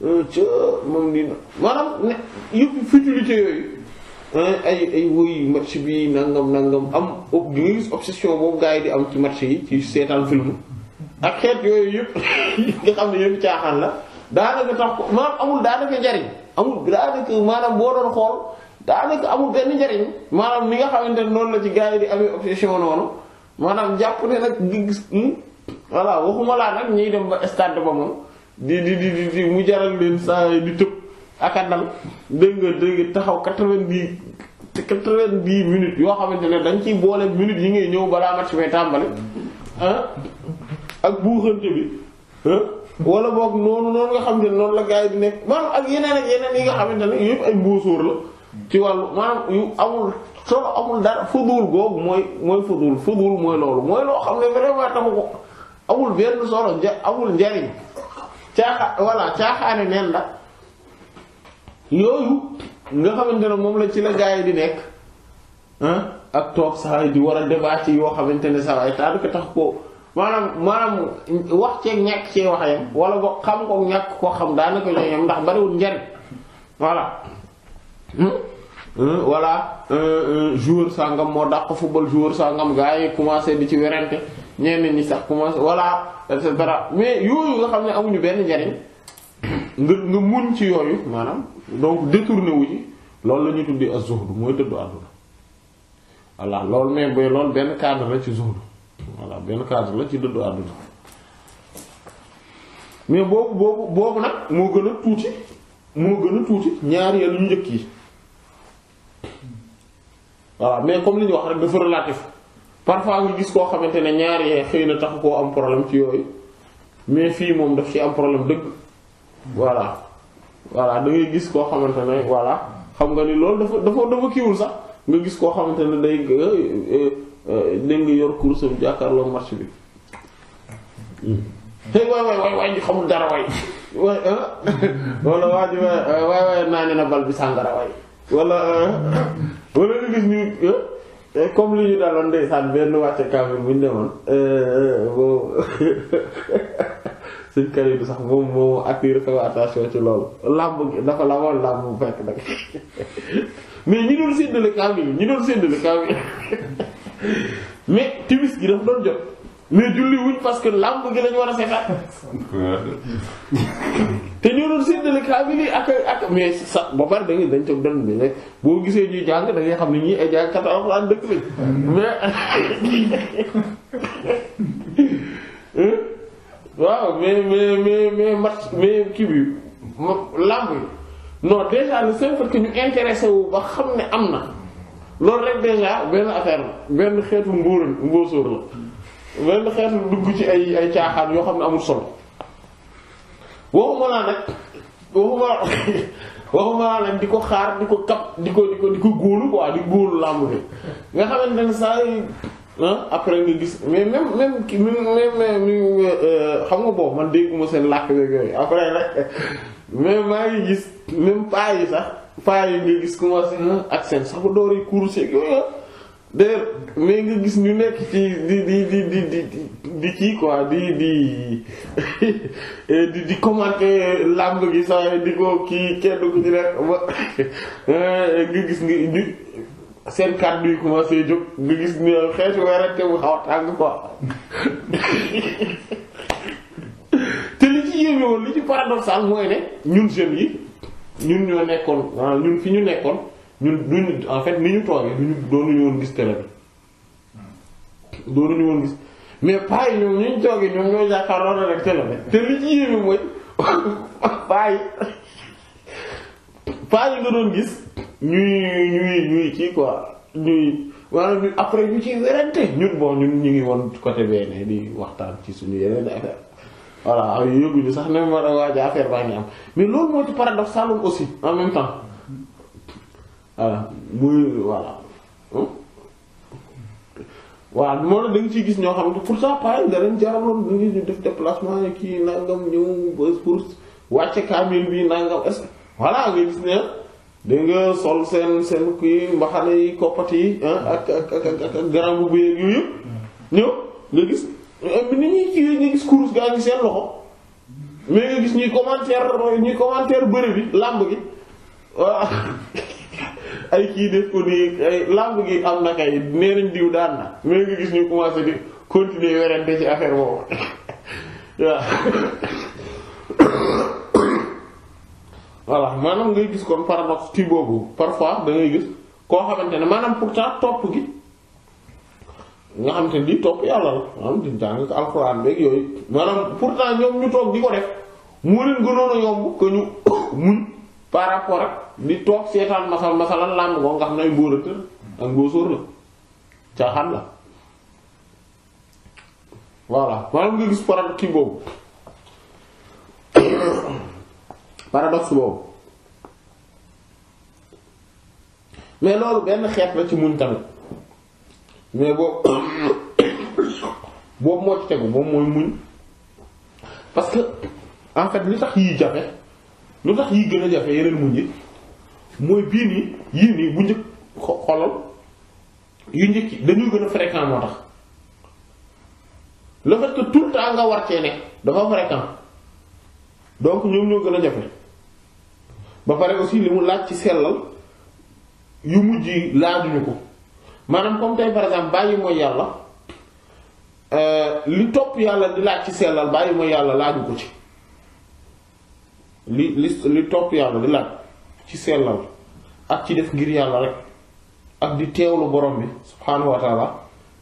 ca moom nii maanaam ne yëpp futilité yooyu ay ay wuy match bi nangam nangam am di nga gis obsession boobu gars di am ci match yi ci seetaan film ak xeet yooyu yëpp [LAUGHS] nga xam ne yëpp caaxaan la daanaka tax ko maanaam amul daanaka njariñ amul daanaka maanaam boo doon xool daanaka amul benn njariñ maanaam ni nga xamante ne noonu la ci gars yi di amee obsession noonu maanaam jàpp ne nag di gis hmm, voilà waxuma laa nag ñuy dem ba stade ba moom di di di di mu jaral leen saa di tëb. ak dalu dégg nga dégg taxaw quatre-vingt-dix quatre-vingt-dix yoo xamante ne dañ ciy boole minutes yi ngay ñëw balaa match bi tàmbali ah? ak buuxante bi ah? wala boog noonu noonu nga xam ne noonu la gars yi di nekk maanaam ak yeneen ak yeneen yi nga xamante ne yëpp ay mbuusóor la ci wàllu maanaam yu amul solo amul dara fudul googu mooy mooy fudul mooy loolu mooy loo xam ne vraiment tamu ko amul benn solo amul njariñ caaxa voilà caaxaane neen la yooyu nga xamante ne moom la ci la gaay di nekk ak toog saa di war a débat yoo xamante ne saa waay taal ko tax ko maanaam maanaam wax cee ñàkk cee wax yam wala boo xam ko ñàkk koo xam daanaka ñoo yam ndax bariwul njariñ voilà. Hmm? Hmm? voilà euh, euh, joueur sangam moo ko football jour sangam gars yi commencé di ci werante ñenn ñi sax commencé voilà et cetera mais yooyu nga xam ne amuñu benn njariñ. nga nga muñ ci yooyu maanaam donc détourné wu ci loolu la ñuy tuddee az-zuhd mooy dëddu àdduna voilà loolu mais ba loolu benn cadre la ci zuhd voilà benn cadre la ci dëddu àdduna mais boobu boobu boobu nag moo gën a tuuti moo gën a tuuti ñaari yàlla ñu njëkk yi voilà mais comme li ñu wax rek dafa relatif parfois nga gis koo xamante ne ñaari yee xëy na tax koo am problème ci yooyu mais fii moom daf ci am problème dëgg voilà voilà da ngay gis koo xamante ne voilà xam nga ni loolu dafa dafa dafa kiiwul sax nga gis koo xamante ne day eh, eh, eh, dégg yor course am jàkkaarloo match bi. tey hmm. waay waay waay waay ñu xamul dara waay waay ah. wala waa ji ah, na bal bi sàngara waay wala ah. wala ñu gis ñu comme li ñu daloon ndeysaan benn wàcce kaamil bu ñu demoon. [LAUGHS] suñ kari du sax moom mo attiré sama attention ci lool lamb dafa la wol lamb bu fekk nag mais ñi doon séddale kaamil ñi doon séddale kaamil mais timis gi dafa doon jot mais julli wuñ parce que lamb gi lañu wara a té ñu ñoo doon séddale kaamil yi ak ak mais sa bo bar da ngay dañ ci dem bi rek bo gisé ñu jang da ngay xam ne ñii ay jàngkat alxuraan dëkk bi mais waaw mais mais mais mais match mais kii bi làmb yi non déjà le seul fait que ñu intéressé wu ba xam ne am na loolu rek déjà benn affaire benn xeetu mbuur mbóosóor la benn xeetu dugg ci ay ay caaxaan yoo xam ne amul solo waxuma laa nag waxuma [LAUGHS] waxuma laa nag di ko xaar di ko kap di ko di ko di ko góolu quoi di góolu làmb bi nga xamante ne saa après nga gis mais même même ki même même euh, xam nga boobu man dégguma seen làkk yooyu après nag mais maa ngi gis même paa yi sax paa yi nga gis commencé ak seen sax ba door yi course yooyu d'ailleurs mais nga gis ñu nekk ci di di di di di di kii quoi di di [LAUGHS] eh, di di commenter làmb gi sax di ko kii kenn ku ci [LAUGHS] nekk ba nga gis nga. seen kàddu yi commencé jóg nga gis ne xeetu werante bu xaw a tàng quoi te li ci yéeme woon li ci paradoxal mooy ne ñun jeunes yi ñun ñoo nekkoon ah, ñun fi ñu nekkoon ñun duñu en fait ni ñu toogee duñu doonuñu woon gis télé bi doonuñu woon gis mais paa yi ñoom ñu toogee ñoom ñoo jàkkaarloo rek télé te li ci yéeme mooy [LAUGHS] paa yi paa yi nga gis. ñuy ñuy ñuy kii quoi ñuy maanaam ñu après ñu ciy werante ñun bon ñun ñu ngi woon côté benn di waxtaan ci suñu yeneen affaire voilà ay yëguñu sax ne ma waa ja affaire baa ngi am mais loolu moo même temps voilà muy voilà waaw la da nga gis ñoo xam ne pourtant pareil da leen jaraloon ñu ngi def déplacement kii nangam ñëw pour wàcce kaamil bi nangam est voilà nga gis ne dégg nga sol seen seen kii mbaxane yi koppati yi ak ak ak ak ak garabu bu yeeg yooyu yëpp ñëw nga gis eh, ni ñu gis kurus gaa ngi seen loxo mais nga gis ñuy commentaire ñuy commentaire bëre bi làmb gi waaw [LAUGHS] ay kii def ko nii làmb gi am na kay nee nañ diw daan na nga gis ñuy commencé di continuer werante ci affaire boobu waaw [LAUGHS] [LAUGHS] voilà maanaam ngay gis kon paradoxe kii boobu parfois da gis koo xamante ne maanaam pourtant topp gi nga xamante ne di topp yàlla la maanaam pourtant ñoom ñu toog di ko def mu leen gënoon yomb que ñu [COUGHS] muñ par rapport ak di toog seetaan masal masalan làmb ko nga xam ne ay mbóoratër ak mbóosóor la caaxaan la voilà maanaam nga gis paradoxe kii boobu paradoxe boobu mais loolu benn xeet la ci muñ tamit mais boobu [COUGHS] boobu moo tegu boobu mooy muñ parce que en fait li tax yii jafe lu tax yii gën a jafe yeneen muñ yi mooy bii nii yii nii bu njëkk xolal yu njëkk yi gën a fréquent moo tax le fait que tout le temps nga war cee ne dafa fréquent donc ñoom ñoo gën a jafe ba pare si li mu laaj ci sellal yu mujj yi laajuñu ko maanaam comme tey par exemple bàyyi mooy yàlla euh, li topp yàlla di laaj ci sellal bàyyi yàlla laaju ko ci li topp yàlla di ci sellal ak ci def ngir yàlla rek ak di teewlu borom bi subhaanahu wa taala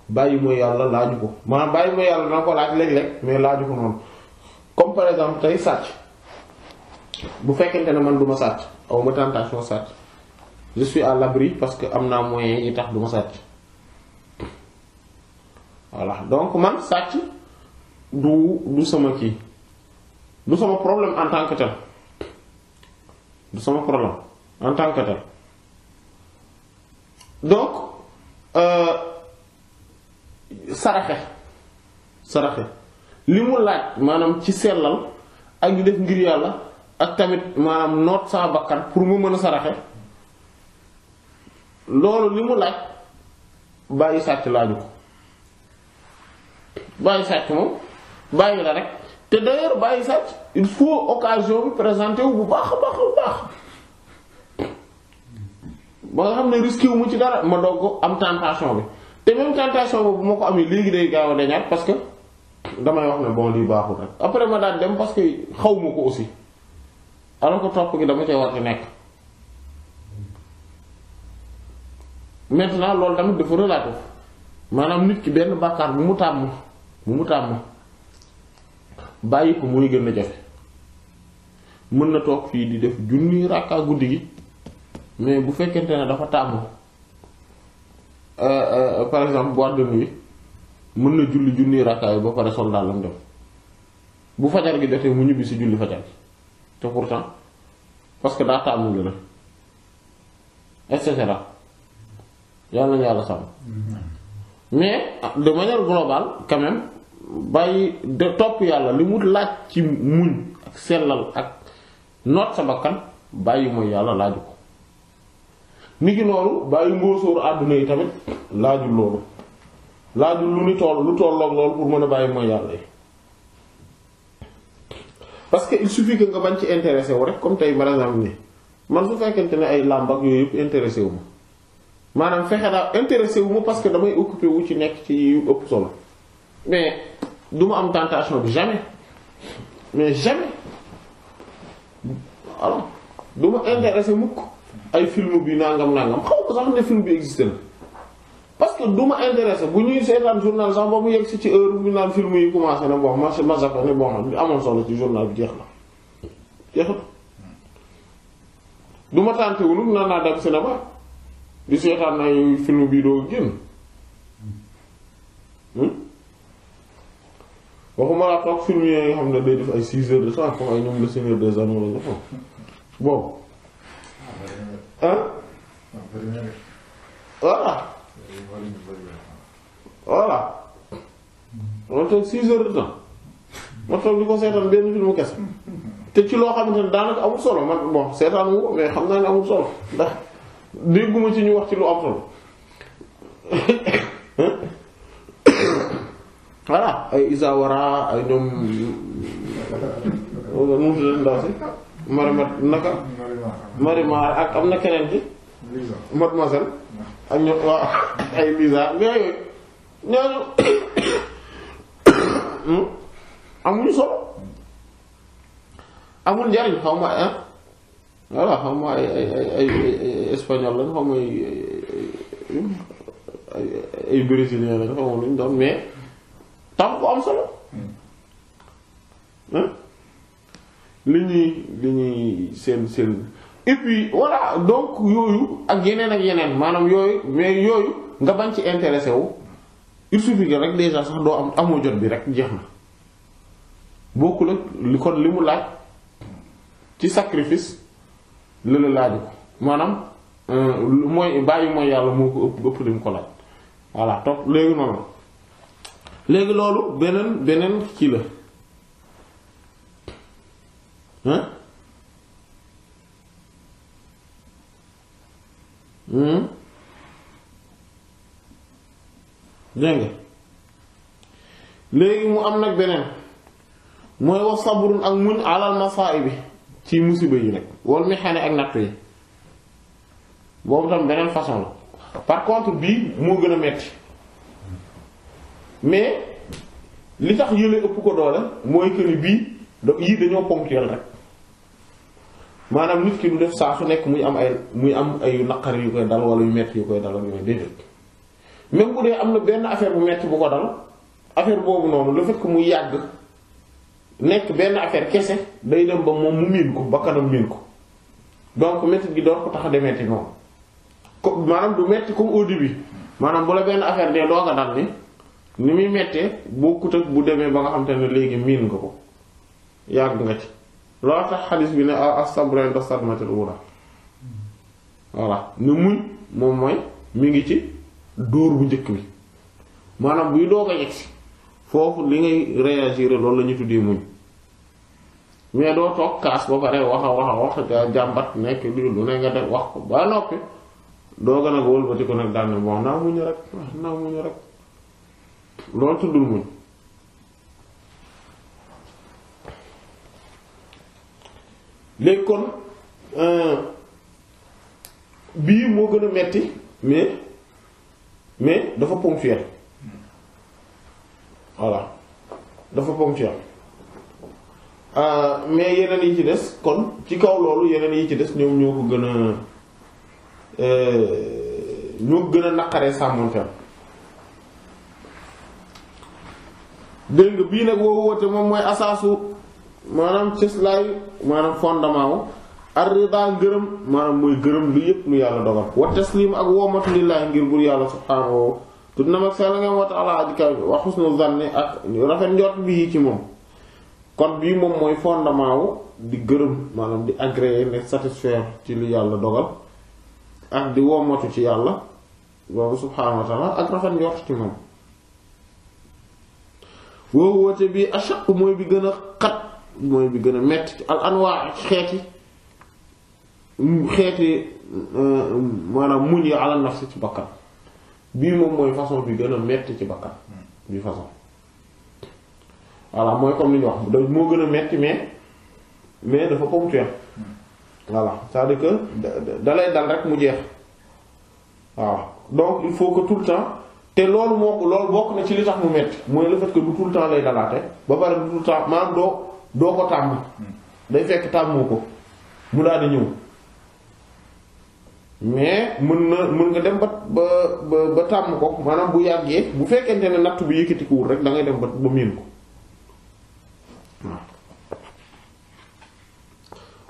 bàyyi mooy yàlla laaju ko maanaam bàyyi mooy yàlla dana ko laaj léeg-léeg mais laaju ko noonu comme par exemple tey sàcc bu fekkente ne man du ma sàcc aw ma tentation sàcc je suis à l'abri parce que am naa moyen yi tax du ma sàcc voilà donc man sàcc du du sama kii du sama problème en tant que tel problème en tant que tel donc euh, saraxe saraxe li mu laaj maanaam ci sellal ak ñu def ngir yàlla ak tamit maanaam noot saa bakkan pour mu mën a saraxe loolu li mu laaj bàyyi sàcc laaju ko bàyyi sàcc moom bàyyi la rek te d'ailleurs bàyyi sàcc il faut occasion bi wu bu baax baax baax ba nga xam ne risqué wu mu ci dara ma dogg am tentation bi te même tentation boobu ma ko amee léegi day gaaw a dañaat parce que damay wax ne bon lii baaxul rek après ma daan dem parce que xaw ma ko aussi alors que topp gi dama cay war di nekk maintenant loolu tamit dafa relatif maanaam nit ki benn bàkkaar bu mu tàmm bu mu tàmm bàyyi ko mooy gën a jafe mën na toog fii di def junni ràkkaa guddi gi mais bu fekkente ne dafa tàmm euh, euh, par exemple boîte de nuit mën na julli junni ràkkaa ba pare sol dàllam dem bu fajar gi jotee mu ñibbi si julli fajar gi te pourtant parce que daa taamul la et cetera yàlla na yàlla sàmm mais de manière globale quand bàyyi de topp yàlla li mu laaj ci muñ ak sellal ak noot sa bakkan bàyyi mooy yàlla laaju ko ni ki loolu bàyyi ngóosóoru àdduna yi tamit laajul loolu laajul lu ni toll lu tolloog loolu pour mën a bàyyi mooy yàlla yi parce que il suffit que nga bañ ci intéressé wu rek comme tey par exemple man su fekkente ne ay làmb ak yooyu yëpp intéressé wu ma maanaam fexe daa intéressé wu ma parce que damay occupé wu ci nekk ci yu ëpp solo mais du ma am tentation bi jamais mais jamais alors du mukk ay film bi nangam nangam xaw ma sax ne film bi existé na. parce que du ma intéressé bu ñuy seetaan journal sax ba mu yegg si ci heure bu naan film yi commencé na bon ma ma zappé ne bon li amoon solo ci journal bi jeex na jeex na du tànte wulul naan naa dem cinéma di seetaan ay film bii doo génn hmm? waxuma laa toog film yi nga xam ne day def ay 6 heures de temps comme ay ñoom le Seigneur des Anneaux wala ko bon ah, ah voilà voilà moo toog six heures de temps ma toog ko seetaan benn film kese te ci loo xamante ne daanaka amul solo man bon seetaan wu mais xam naa ne amul solo ndax dégguma ci ñu wax ci lu am solo voilà ay Isawara ay ñoom mu tudd ndaw si marimat naka marimat ak am na keneen ki mademoiselle ak ñoom waaw ay bizarre yooyu ñooñu hmm, amuñu solo amul njariñ xaw ma ah, ay ay ay espagnol lañ xaw ma ay ay brésilien lañ xaw ma luñ doon mais tam ko am solo hmm. li ñuy li ñuy seen seen. et puis voilà donc yooyu ak yeneen ak yeneen maanaam yooyu mais yooyu nga bañ ci intéressé wu il suffit que rek déjà sax doo am amoo jot bi rek jeex na bokkul ak li kon li mu laaj ci sacrifice la la laaju ko maanaam euh, mooy bàyyi mooy yàlla moo ko ëpp ëpp li mu ko laaj voilà topp léegi noonu léegi loolu beneen beneen kii la Hmm? dégg nga léegi mu am nag beneen mooy wax sabrun ak muñ alal masaa'ib bi ci musiba yi nag wal mi xane ak nattu yi boobu tam beneen façon la par contre bii moo gën a metti mais li tax yële ëpp ko doole mooy que ni bii yii dañoo ponctuel rek maanaam nit ki du def saa su nekk muy am ay muy am ay naqar yu koy dal wala yu metti yu koy dal ak yooyu déedéet même bu dee am na benn affaire bu metti bu ko dal affaire boobu noonu le fait que muy yàgg nekk benn affaire kese day dem ba moom mu miin ko ba kanam miin ko donc metti gi door ko tax demee de noonu ko maanaam du metti comme au début maanaam bu la benn affaire dee doo dal ni ni muy mettee bokkut ak bu demee ba nga xam te léegi miin nga ko yàgg loolu tax xadis bi ne as-sabru inda sadmatil ula voilà ne muñ moom mooy mi ngi ci dóor bu njëkk bi maanaam buy doog a yegsi foofu li ngay réagir loolu la ñu tuddee muñ mais doo toog kaas ba pare wax a wax a wax jàmbat nekk lii lu ne nga def wax ko ba noppi doo gën a ko nag daal ne bon naa muñ rek naa muñ rek loolu tuddul muñ. léegi kon euh, bii moo gën a metti mais mais dafa ponctuel voilà dafa ponctuel euh, mais yeneen yi ci des kon ci kaw loolu yeneen yi ci des ñoom ñoo ko gën a euh, ñoo ko gën a naqare sàmmonteel dégg nga bii nag woo woote moom mooy asaasu maanaam cëslaay maanaam fondement wu ar-ridaa ngërëm maanaam mooy gërëm lu yépp lu yàlla dogal wa taslim ak woomatu lillaahi yàlla na mag sell nga wa ta'ala ajika wa husnu ak rafet njort bi ci moom kon bii moom mooy fondement wu di gërëm maanaam di agréer ne satisfaire ci lu yàlla dogal ak di woomatu ci yàlla boobu subhaanahu wa ak rafet njort ci moom woowu woote bii ashaq mooy bi gën a xat moy bi gëna metti ci al anwaa xeeti xéti euh, maanaam muñ yi ala nafsi ci bakkan bi moom moy façon bi gëna metti ci bakkan bi façon wala moy comme li ñu wax do mo gëna metti mais mais dafa ponctuel wala ça à dire que dalay dal rek mu jeex waaw donc il faut que tout le temps té lool moo loolu bokk na ci li tax mu metti moy le fait que du tout temps lay dalaté ba pare du tout temps maanaam do doo ko tàmm day fekk tàmmoo ko mu daal di ñëw mais mën na mën nga dem ba ba ba tàmm ko maanaam bu yàggee bu fekkente ne natt bi yëkkatikuwul rek da ngay dem ba ba miin ko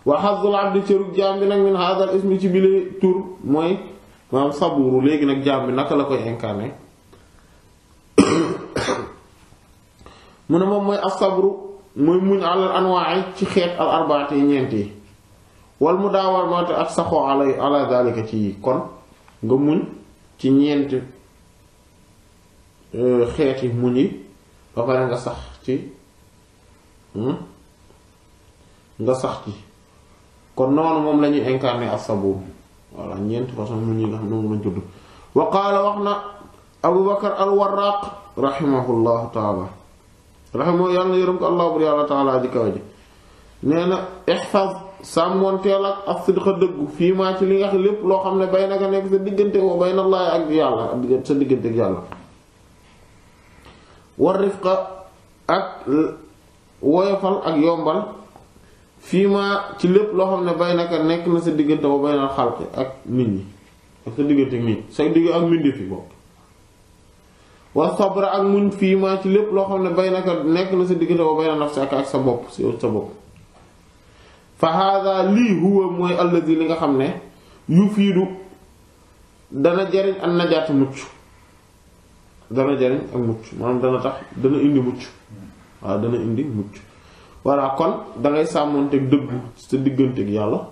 waa xasdul abdi cërug jaam bi nag min hadal ismi ci bile tur mooy maanaam saburu léegi nag jaam bi naka la koy incarné [COUGHS] mu ne moom mooy as sabru mooy muñ alal anwaay ci xeet al arbaate yi ñeent yi wal mu daawar mate ak saxoo ala ala dalika ci kon nga muñ ci ñeent euh, xeeti muñ yi ba pare nga sax ci hmm? nga sax ci kon noonu moom lañuy incarné as-sabur voilà ñeent façon muñ yi nga xam ne moom lañ tudd wax na abu bakar al warraq rahimahullahu taala raxamoo yàlla na yërëm ko allah bur yàlla taalaa ji kaw ji nee na ixfaz sàmmonteel ak as-sidqa dëggu fii maa ci li nga xam lépp loo xam ne bay naka nekk sa diggante woo na laay ak yàlla sa diggante ak yàlla war rifqa ak woyofal ak yombal fii maa ci lépp loo xam ne bay naka nekk na sa diggante woo xalqi ak nit ñi ak sa diggante nit sa digg ak mbindeef yi bokk wa sabra ak muñ fii maa ci lépp loo xam ne bay naka nekk na sa diggante wa bayna nafsi ak sa bopp si sa bopp fa hada lii huwa mooy alladi li nga xam ne yufiidu dana jariñ ak najaati mucc dana jariñ ak mucc maanaam dana tax dana indi mucc waaw dana indi mucc voilà kon dangay sàmmoonteeg dëggu sa digganteeg yàlla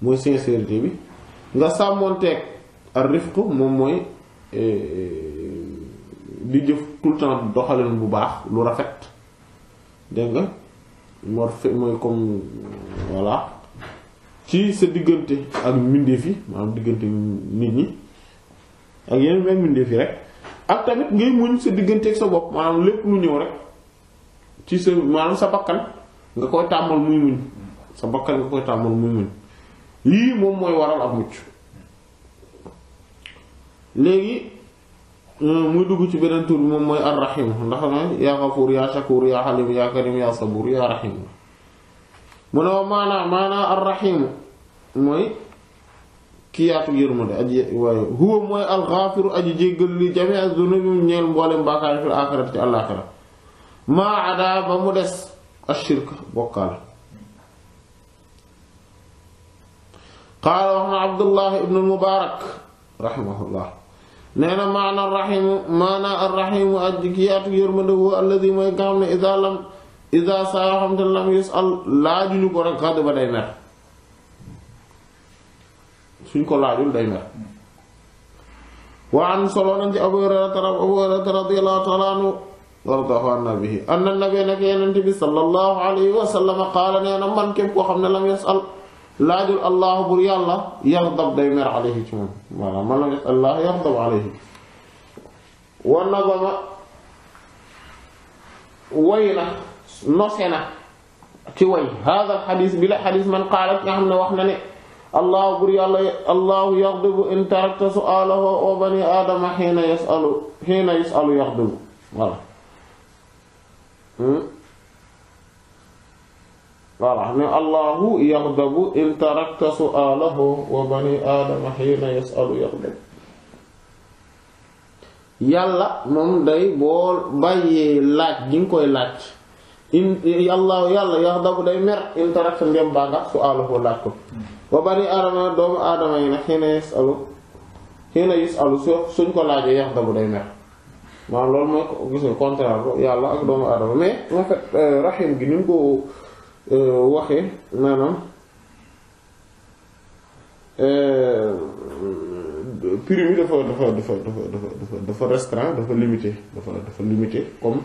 mooy sincérité bi nga sàmmoonteeg ar rifq moom mooy eh, eh, di jëf tout le temps doxalin bu baax lu rafet dégg nga morfe mooy comme voilà ci sa diggante ak mbindeef yi maanaam diggante nit ñi ak yeneen même mbindeef yi rek ak tamit ngay muñ sa diggante ak sa bopp maanaam lépp lu ñëw rek ci sa maanaam sa bakkan nga koy tàmmal muy muñ sa bakkan nga koy tàmmal muy muñ lii moom mooy waral ak mucc léegi muy dugg ci benen tour mom moy mooy arrahim ndax na ya ghafur ya shakur ya halim ya karim ya sabur ya rahim mu mana mana maanaa arrahimu mooy ki yaatu yërmande aji way huwa moy al alxaafiru aji jegal li jamii zunubi ñeel mbolem bakkar fil aaxirat ci àllaaxira ma ada ba mu dess ashirk shirk bokal qala na abdullahi ibnu mubaarak rahimahullah nee na maana raximu maana arraximu aji kii yërmande wo alladhi mooy gamne iza lam iza saa xam te lam yusal laajuñu ko rek xadd ba day mer suñ ko lajul day mer wa an solo nañ ci abu hurayrata abu hurayrata radiyallahu taala anhu wardahu anna bihi anna nabiyyi nag yenente sallallahu alayhi wa sallam qala nee man képp ko xamne lam yusal laajul allah bur yàlla yardab day mer alayhi ci moom maanaam man lam yas'alillah yardab alayhi war na ba ma way na nose na ci way hada xadis bi la xadis man qaala nga xam ne wax na ne allah bur yàlla allahu yardubu in tarakta su'alahu wa bani aadama xiina yasalu xiina yasalu yardubu voilà voilà ne allahu yaxdabu in tarakta su'aalahu wa bani aadama xiina yasalu yaxdabu yàlla moom day boo bàyyee laaj gi nga koy laaj in allahu yàlla yaxdabu day mer in tarakta ndem baa nga su'aalahu laaj ko wa bani aadama doomu aadama yi na xiina yasalu xiina yasalu suñ ko laajee yaxdabu day mer maanaam loolu mooy gis nga contraire yàlla ak doomu aadama mais en fait euh, raxim gi ni mu ko Euh, waxe maanaam euh, prix bi dafa dafa dafa dafa dafa dafa restreint dafa limité dafa dafa limité comme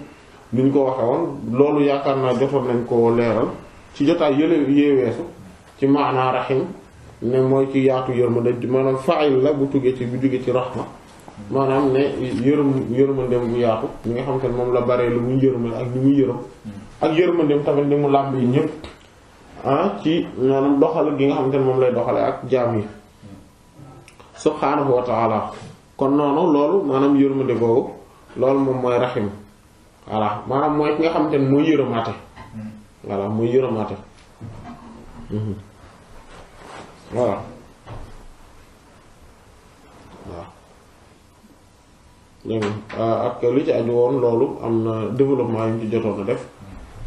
ni ko waxee woon loolu yaakaar naa jotoon nañ ko leeral ci jotaay yële yeeweesu ci maanaa rahim ne mooy ci yaatu yërmande maanaam fa'il la bu tuggee ci bu jógee ci rahma maanaam ne yërëm yërmandem bu yaatu ñi nga xam te ne moom la baree lu muy yërmal ak ñu muy yërëm ak yërmandeem tamit ni mu làmb yi ñëpp ah ci maanaam doxal gi nga xamante ne moom lay doxale ak jaam yi subhaanahu wa taala kon noonu loolu maanaam yërmande googu loolu moom mooy raxim voilà maanaam mooy ki nga xamante ne mooy yërëmaate voilà mooy yërëmaate mhm. voilà waaw euh, ak li ci aju woon loolu am na développement yi ñu ci jotoon def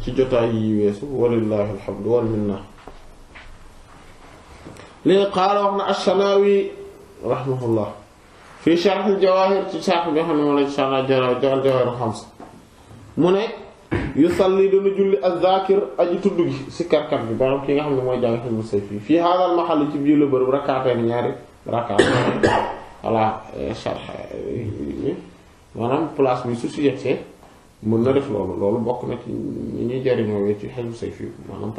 ci jotaay yi weesu walillahi alhamdu wal minna léegi qaala wax na ash-Shanaawi fii sharh al-Jawaahir ci nga xam ne moom lañ sharh al-Jawaahir xamsa mu ne yusalli dana julli az-zaakir aji tudd gi si karkat bi baram ki nga xam ne mooy jàng xel mu say fii fii haaza al-mahall ci biir la bërëb rakaateen ñaari rakaat voilà sharh maanaam place bi su si yegsee mën na def loolu loolu bokk na ci ñi ñuy jariñoo ci xel say fii maanaam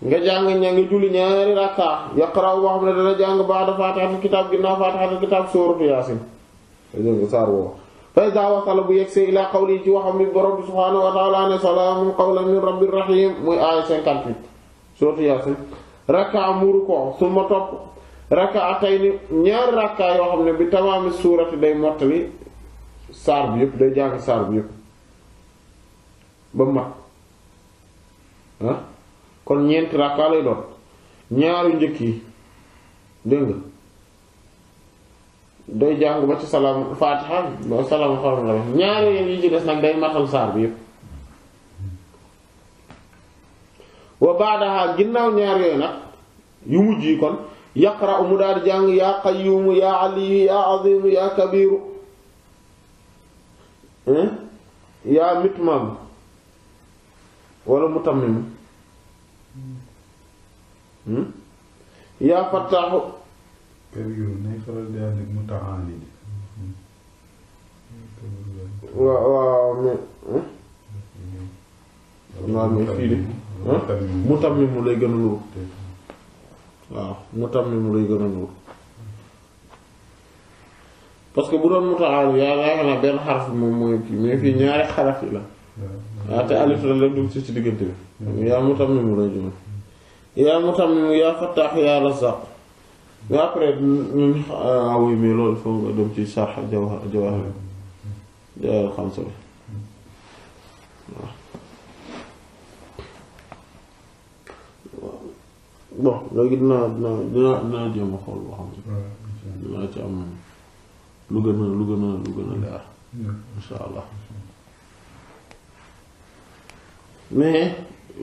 nga jàng ña nga julli ñaari rakka yaqra'u boo xam ne dana jàng ba'da faatihatul kitaab ginnaaw faatihatul kitaab suuratu ci waxam bi borom subhaanahu wa ta'aala ne salaamun qawlan min rabbir rahiim muy aaya 58 suuratu yaasin rakka muru ko suma topp rakka atayni ñaari rakka yoo xam ne bi tamaami suurati day mottali saar bi yëpp day jàng saar bi yëpp ba mat kon ñeenti rakkaa doon ñaaru njëkk yi dégg day jàng ba ci salaam faatiha ba salaam xam nga ñaaru yi ci des nag nag yu mujj yi kon yaqra'u mu daal jàng yaa qayyumu yaa aliyu yaa azimu yaa kabiru yaa mitmaam wala mutammim hmm? yaa fattaaxu kër gi nay faral di ànd ak waaw waaw mais waaw lay gën a nuur waaw mutammim lay gën a nuur parce que bu doon mutaalu yaa yaakaar naa benn xaraf moom moy ki mais fi ñaari xaraf la ah te alif la dum dugg ci ci diggante bi. yaa mutammimu lay jëloon. yaa ni ya fatah ya razzaq mais après ñu ah mi lol fo nga dum ci sarh jawhar jawhar jawhar xam sa bon léegi dinaa dinaa dinaa dinaa jéem a xool boo xam ne dinaa ci am. lu gën a lu gën a lu gën a leer insha allah mais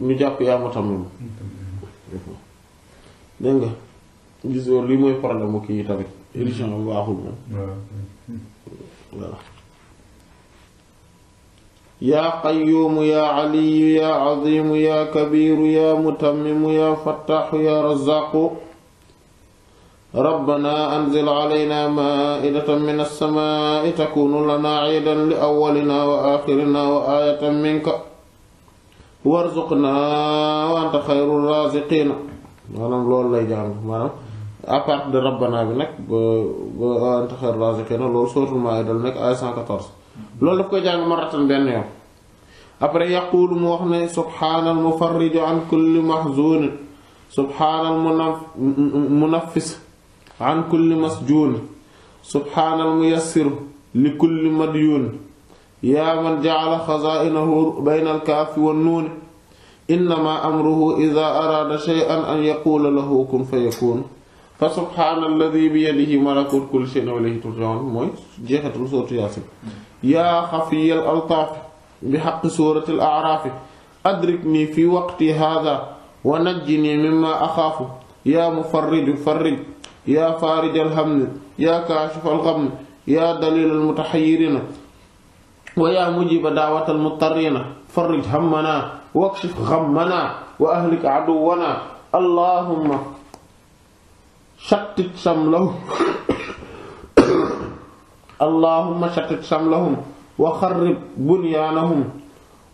ñu jàpp yaa ma tamit dégg nga gis nga lii mooy problème mu kii tamit édition bu baaxul moom voilà yaa qayyuumu yaa aliyu yaa azimu yaa kabiru yaa mutammimu yaa fattaxu yaa razaqu ربنا أنزل علينا مائدة من السماء تكون لنا عيدا لأولنا وآخرنا وآية منك wa anta xayrul raziqina maanaam loolu lay jàng maanaam à part de rabbana bi nag ba ba wa anta ay loolu daf koy jàng maratan benn yoon après yaqulu mu wax ne subhaanal mufarriju an kulli mahzunin subhaanal munaf munaffis عن كل مسجون سبحان الميسر لكل مديون يا من جعل خزائنه بين الكاف والنون إنما أمره إذا أراد شيئا أن يقول له كن فيكون فسبحان الذي بيده ملكوت كل شيء وله ترجعون موي جهه صوت ياسين يا خفي الالطاف بحق سوره الاعراف ادركني في وقت هذا ونجني مما اخاف يا مفرج فرج يا فارج الهم يا كاشف الغم يا دليل المتحيرين ويا مجيب دعوة المضطرين فرج همنا واكشف غمنا وأهلك عدونا اللهم شتت شملهم اللهم شتت شملهم وخرب بنيانهم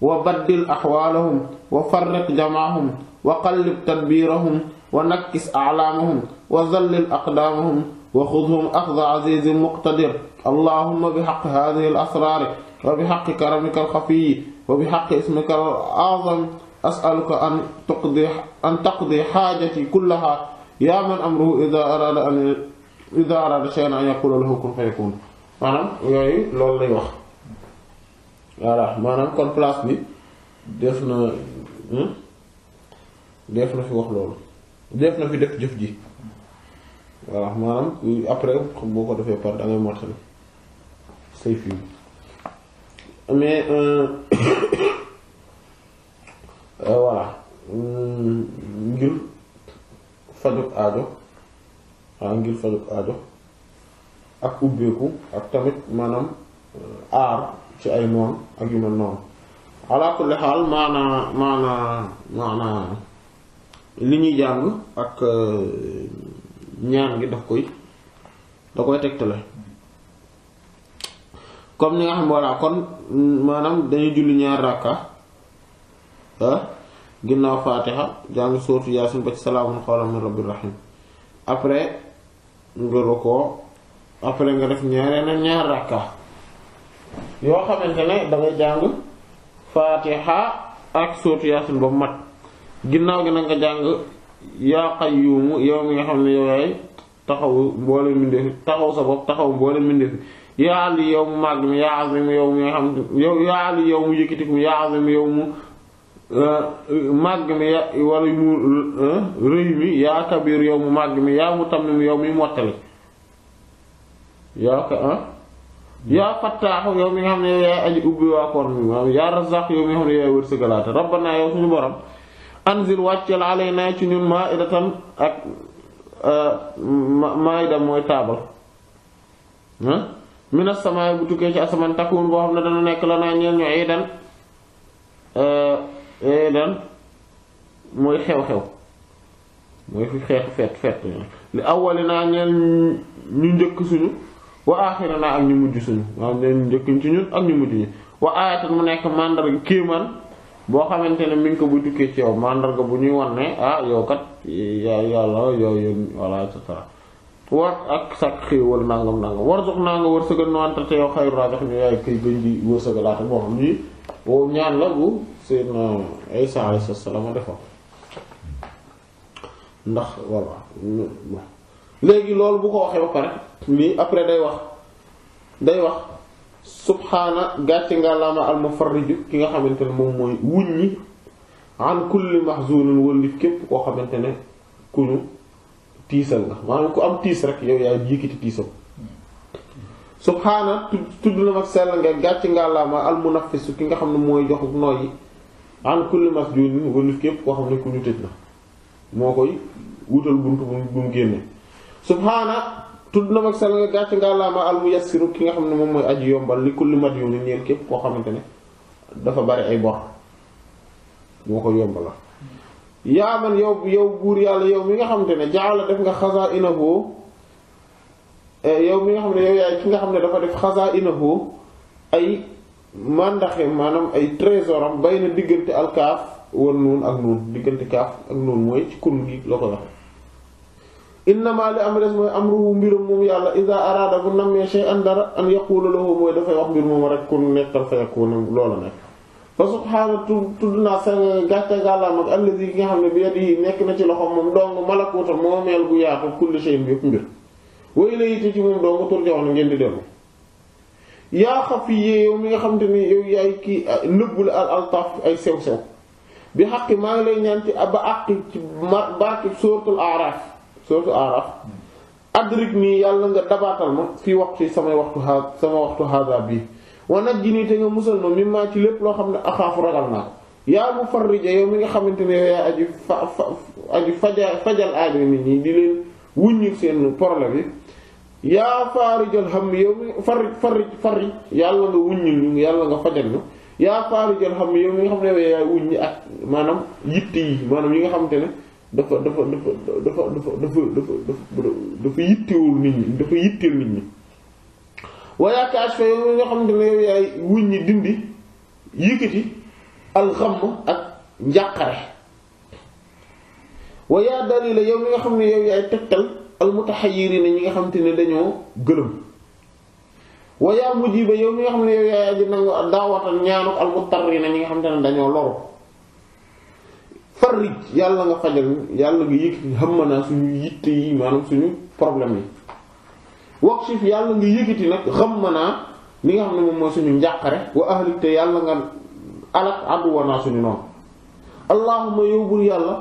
وبدل أحوالهم وفرق جمعهم وقلب تدبيرهم ونكس أعلامهم وذلل أقدامهم وخذهم أخذ عزيز مقتدر اللهم بحق هذه الأسرار وبحق كرمك الخفي وبحق اسمك الأعظم أسألك أن تقضي أن تقضي حاجتي كلها يا من أمره إذا أراد أن إذا أراد شيئا أن يقول له كن فيكون maanaam yooyu loolu lay wax voilà maanaam kon place bi def na hmm, def na fi wax def na fi def jëf ji waaw maanaam après boo ko defee par da ngay mottali say fiw mais euh, [COUGHS] euh, voilà ngir fajub aajo waaw ngir fajub aajo ak ubbeeku ak tamit maanaam euh, aar ci ay noon ak yu mel noonu ala xaal maanaa maanaa maanaa li ñuy jang ak euh, ñaan gi daf koy da koy tegtale comme ni nga xam wala kon manam dañuy julli ñaar ha ginnaw faatiha jang sóotu yasin ba ci salaamun xawlan rabbir rahim après nga roko après nga def ñaar na ñaar rakka yo xamantene da ngay jang faatiha ak sóotu yasin ba mat ginnaaw gi na nga jàng yaa qayyuumu yow mi nga xam ne yow yaay taxawu mboole mbindeef taxaw sa bopp taxaw mboole mbindeef yaa ali yow mu màgg mi yaa azim yow mu yëkkati mi yaa azim yow mu euh, màgg ya wala mu euh, yaa kabir yow mu màgg mi yaa mu tam mi yow mi mottali yaa ka ah yaa fattaaxu yow mi nga xam ne yow yaay aji ubbi waa koor mi yaa razaq yow mi nga xam ne yow yaay wërsëgalaate rabbanaa yow suñu borom anzil wàcceel naa ci ñun maa'idatan ak euh, maa'ida mooy taabal minas samaa'i bu tukkee ci asamaan takkuwul boo xam ne dana nekk la naa ñeel ñu iidan iidan euh, mooy xew-xew mooy fi fet fet li awwali naa ñeel ñu njëkk suñu wa aaxira naa ak ñu mujj suñu maanaam ñu njëkk ci ñun ak ñu mujj ñi wa aayatan mu nekk màndar kéemaan boo xamante ne mi ngi ko bu tukkee ci yow mandarga bu ñuy wan ne ah yow kat yaa yàlla yow yén voilà et cetera war ak sàkk xéewal nangam nangam war sox naa nga wërsëgal nu wante te yow xayru raazix ñu yaay koy gën di wërsëgalaate boo xam ni wow ñaan la bu Seydina Isaa alayhi salaam a defa ndax léegi loolu bu ko waxee ba pare lii après day wax day wax subhaana gàcce ngàllaama almufarriju ki nga xamante ne moom mooy wuññi an kulli mahzulin wëllif képp koo xamante ne ku ñu tiisal nga maanaam ku am tiis rek yow yaay yëkkati tiisam subhaana tudd na mag sell nga gàcc ngàllaama almunaffisu ki nga xam ne mooy jox nooyi an kulli mahzulin wëllif képp koo xam ne ku ñu tëj na moo koy wutal buntu bu mu génne subhaana tudd na mag sell nga gàcc nga laama al muyassiru ki nga xam ne moom mooy aji yombal li kulli mat yu ni képp koo xamante ne dafa bari ay bor moo ko yombala yaa man yow yow buur yàlla yow mi nga xamante ne jaala def nga xasaa inahu eh, yow mi nga xam ne yow yaay ki nga xam ne dafa def xasaa inahu ay màndaxe maanaam ay trésor am bay na diggante alkaaf wan nuun ak nuun diggante kaaf ak nuun mooy ci kun gi loo ko waxe innama li am res mooy amruhu mbirum moom yàlla iza araada bu nammee shay'an dara an yaqulu lahu mooy dafay wax mbir moom rek kun nekkal fa yakun loola nekk fa subhaana tudd naa ki nga xam ne nekk na ci loxoom moom dong malakuuta moo meel gu yaatu kulli shay'in bi mi nga xam te ni yow yaay kii nëbbul al ay sew sew bi xaqi maa ngi lay ñaan ci ba àqi ci barke suuratul A'raaf sootu Araf adrik nii yàlla nga dabaatal ma fii wax samay waxtu ha sama waxtu hada bii wa najjini te nga musal ma mimma ci lépp loo xam ne axaafu ragal naa yaa mu farrija nga xamante ne yaa aji fa fa aji faja fajal aajo ñi di leen wuññil seen problème yi yaa xam yow mi farri farri farri yàlla nga fajal ñu yaa faarijal xam yow mi nga xam ne yaay wuññi ak maanaam yitt yi maanaam yi nga xamante ne dafa dafa dafa dafa dafa dafa dafa dafa yittewul nit ñi dafa yitteel nit ñi wayaakaas fa yow nga xam ne yow yaay wuñ ñi dindi yëkkati alxam ak njàqare wayaa dalila yow mi nga xam ne yow yaay tegtal almutaxayirina ñi nga xam ne dañoo gëlëm wayaa mujiba yow mi nga xam ne yow yaay aji nangu daawatan ñaanu almutarrina ñi nga xam te ne dañoo loru farrij yàlla nga fajal yàlla nga yëkkati hammanaa suñu yitte yi maanaam suñu problème yi waqshif yàlla nga yëkkati nag ghammanaa li nga xam ne moom mooy suñu njàqare wa ahlik yàlla nga alak aduwanaa suñu noonu allahumma yóbbul yàlla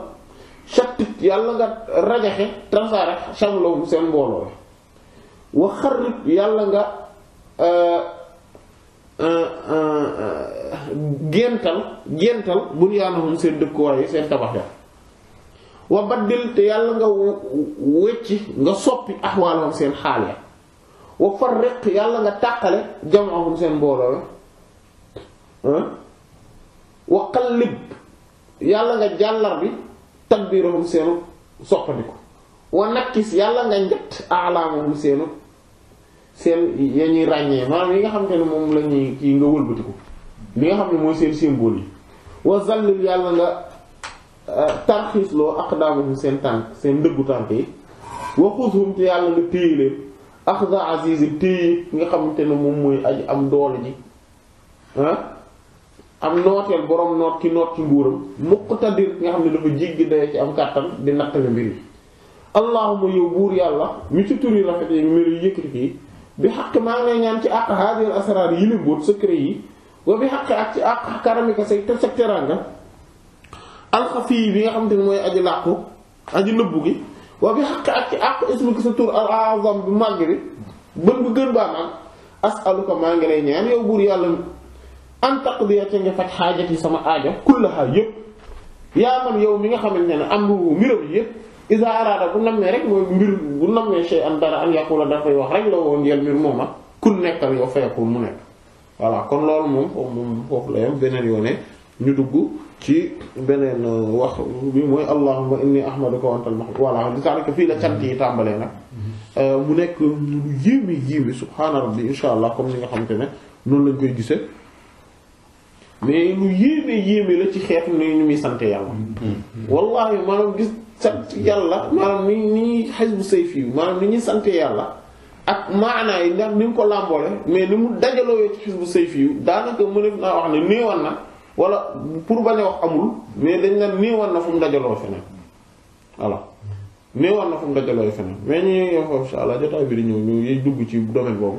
shattit yàlla nga rajaxe transaare shamloo seen mbooloo wa xarrij yàlla nga euh, Euh, euh, euh, gental gental bunyaanahum seen dëkkuwaay seen tabax ya wa baddil te yàlla nga wecci nga soppi ahwaalahum seen xaal ya wa farriq yàlla nga tàqale jam'ahum seen mbooloo la wa qallib yàlla nga jàllar bi tadbiirahum seenu soppandiku wa nakkis yàlla nga njett a'laamahum seenu seen ya ñuy ràññee maanaam yi nga xam te ne moom la ñuy kii nga wëlbatiku li nga xam ne mooy seen symbole yi wa zallil yàlla nga euh, tarxiisloo aqdaamahum seen tànk seen ndëggu tànk yi wa xushum te yàlla nga téye leen axda azizin téye nga xamante ne moom mooy aji am doole ji ah am nooteel boroom noot ki noot ci nguuram muqtadir nga xam ne dafa jiggi daye ci am kàttan di nattale mbir yi allahuma yow buur yàlla mi ci tur rafet yi melu yëkkati kii bi xaq maa ngay ñaan ci àq hadir asrar yi li bóot secret yi wa bi xaq ak ci àq karamika say te sag teranga alxafi bi nga xam te ne mooy aji làqu aji nëbbu gi wa bi xaq ak ci àq ismika sa tur al azam bi màgg bi bën bu gën baa naan as'aluka maa ngi lay ñaan yow buur yàlla an taqdiya ca nga faj xaajat yi sama aajo kullaha yépp yaa man yow mi nga xamante ne am mbiram yépp isa araada bu nammee rek mooy mbir bu nammee shay an dara an yàqula dafay wax rek la woon yel mbir moom ak kun nekkal yow fayakul mu nekk voilà kon loolu moom moom foofu la yam beneen yoone ñu dugg ci beneen euh, wax mooy allahumma inni ahmaduka wa antal mahmud fii la cant yi tàmbalee nag euh, mu nekk lu yéeme yéeme subhaana rabbi insha allah comme ni nga xamante ne noonu lañ koy gisee mais lu yéeme yéeme la ci xeetu ni ñu muy sante yàlla mm-hmm. wallahi maanaam gis sant yàlla maanaam ni ni Hizbu Sayf yi maanaam ni ñuy sant yàlla ak maanaa yi ndax ni mu ko làmboole mais ni mu dajaloo ci Hizbu Sayf yi daanaka mën naa wax ne néewan na wala pour bañ a wax amul mais dañ na néewan na fu mu dajaloo feneen voilà néewan na fu mu dajaloo feneen mais ñu ngi wax insha Allah jotaay bi di ñëw ñu dugg ci domaine boobu.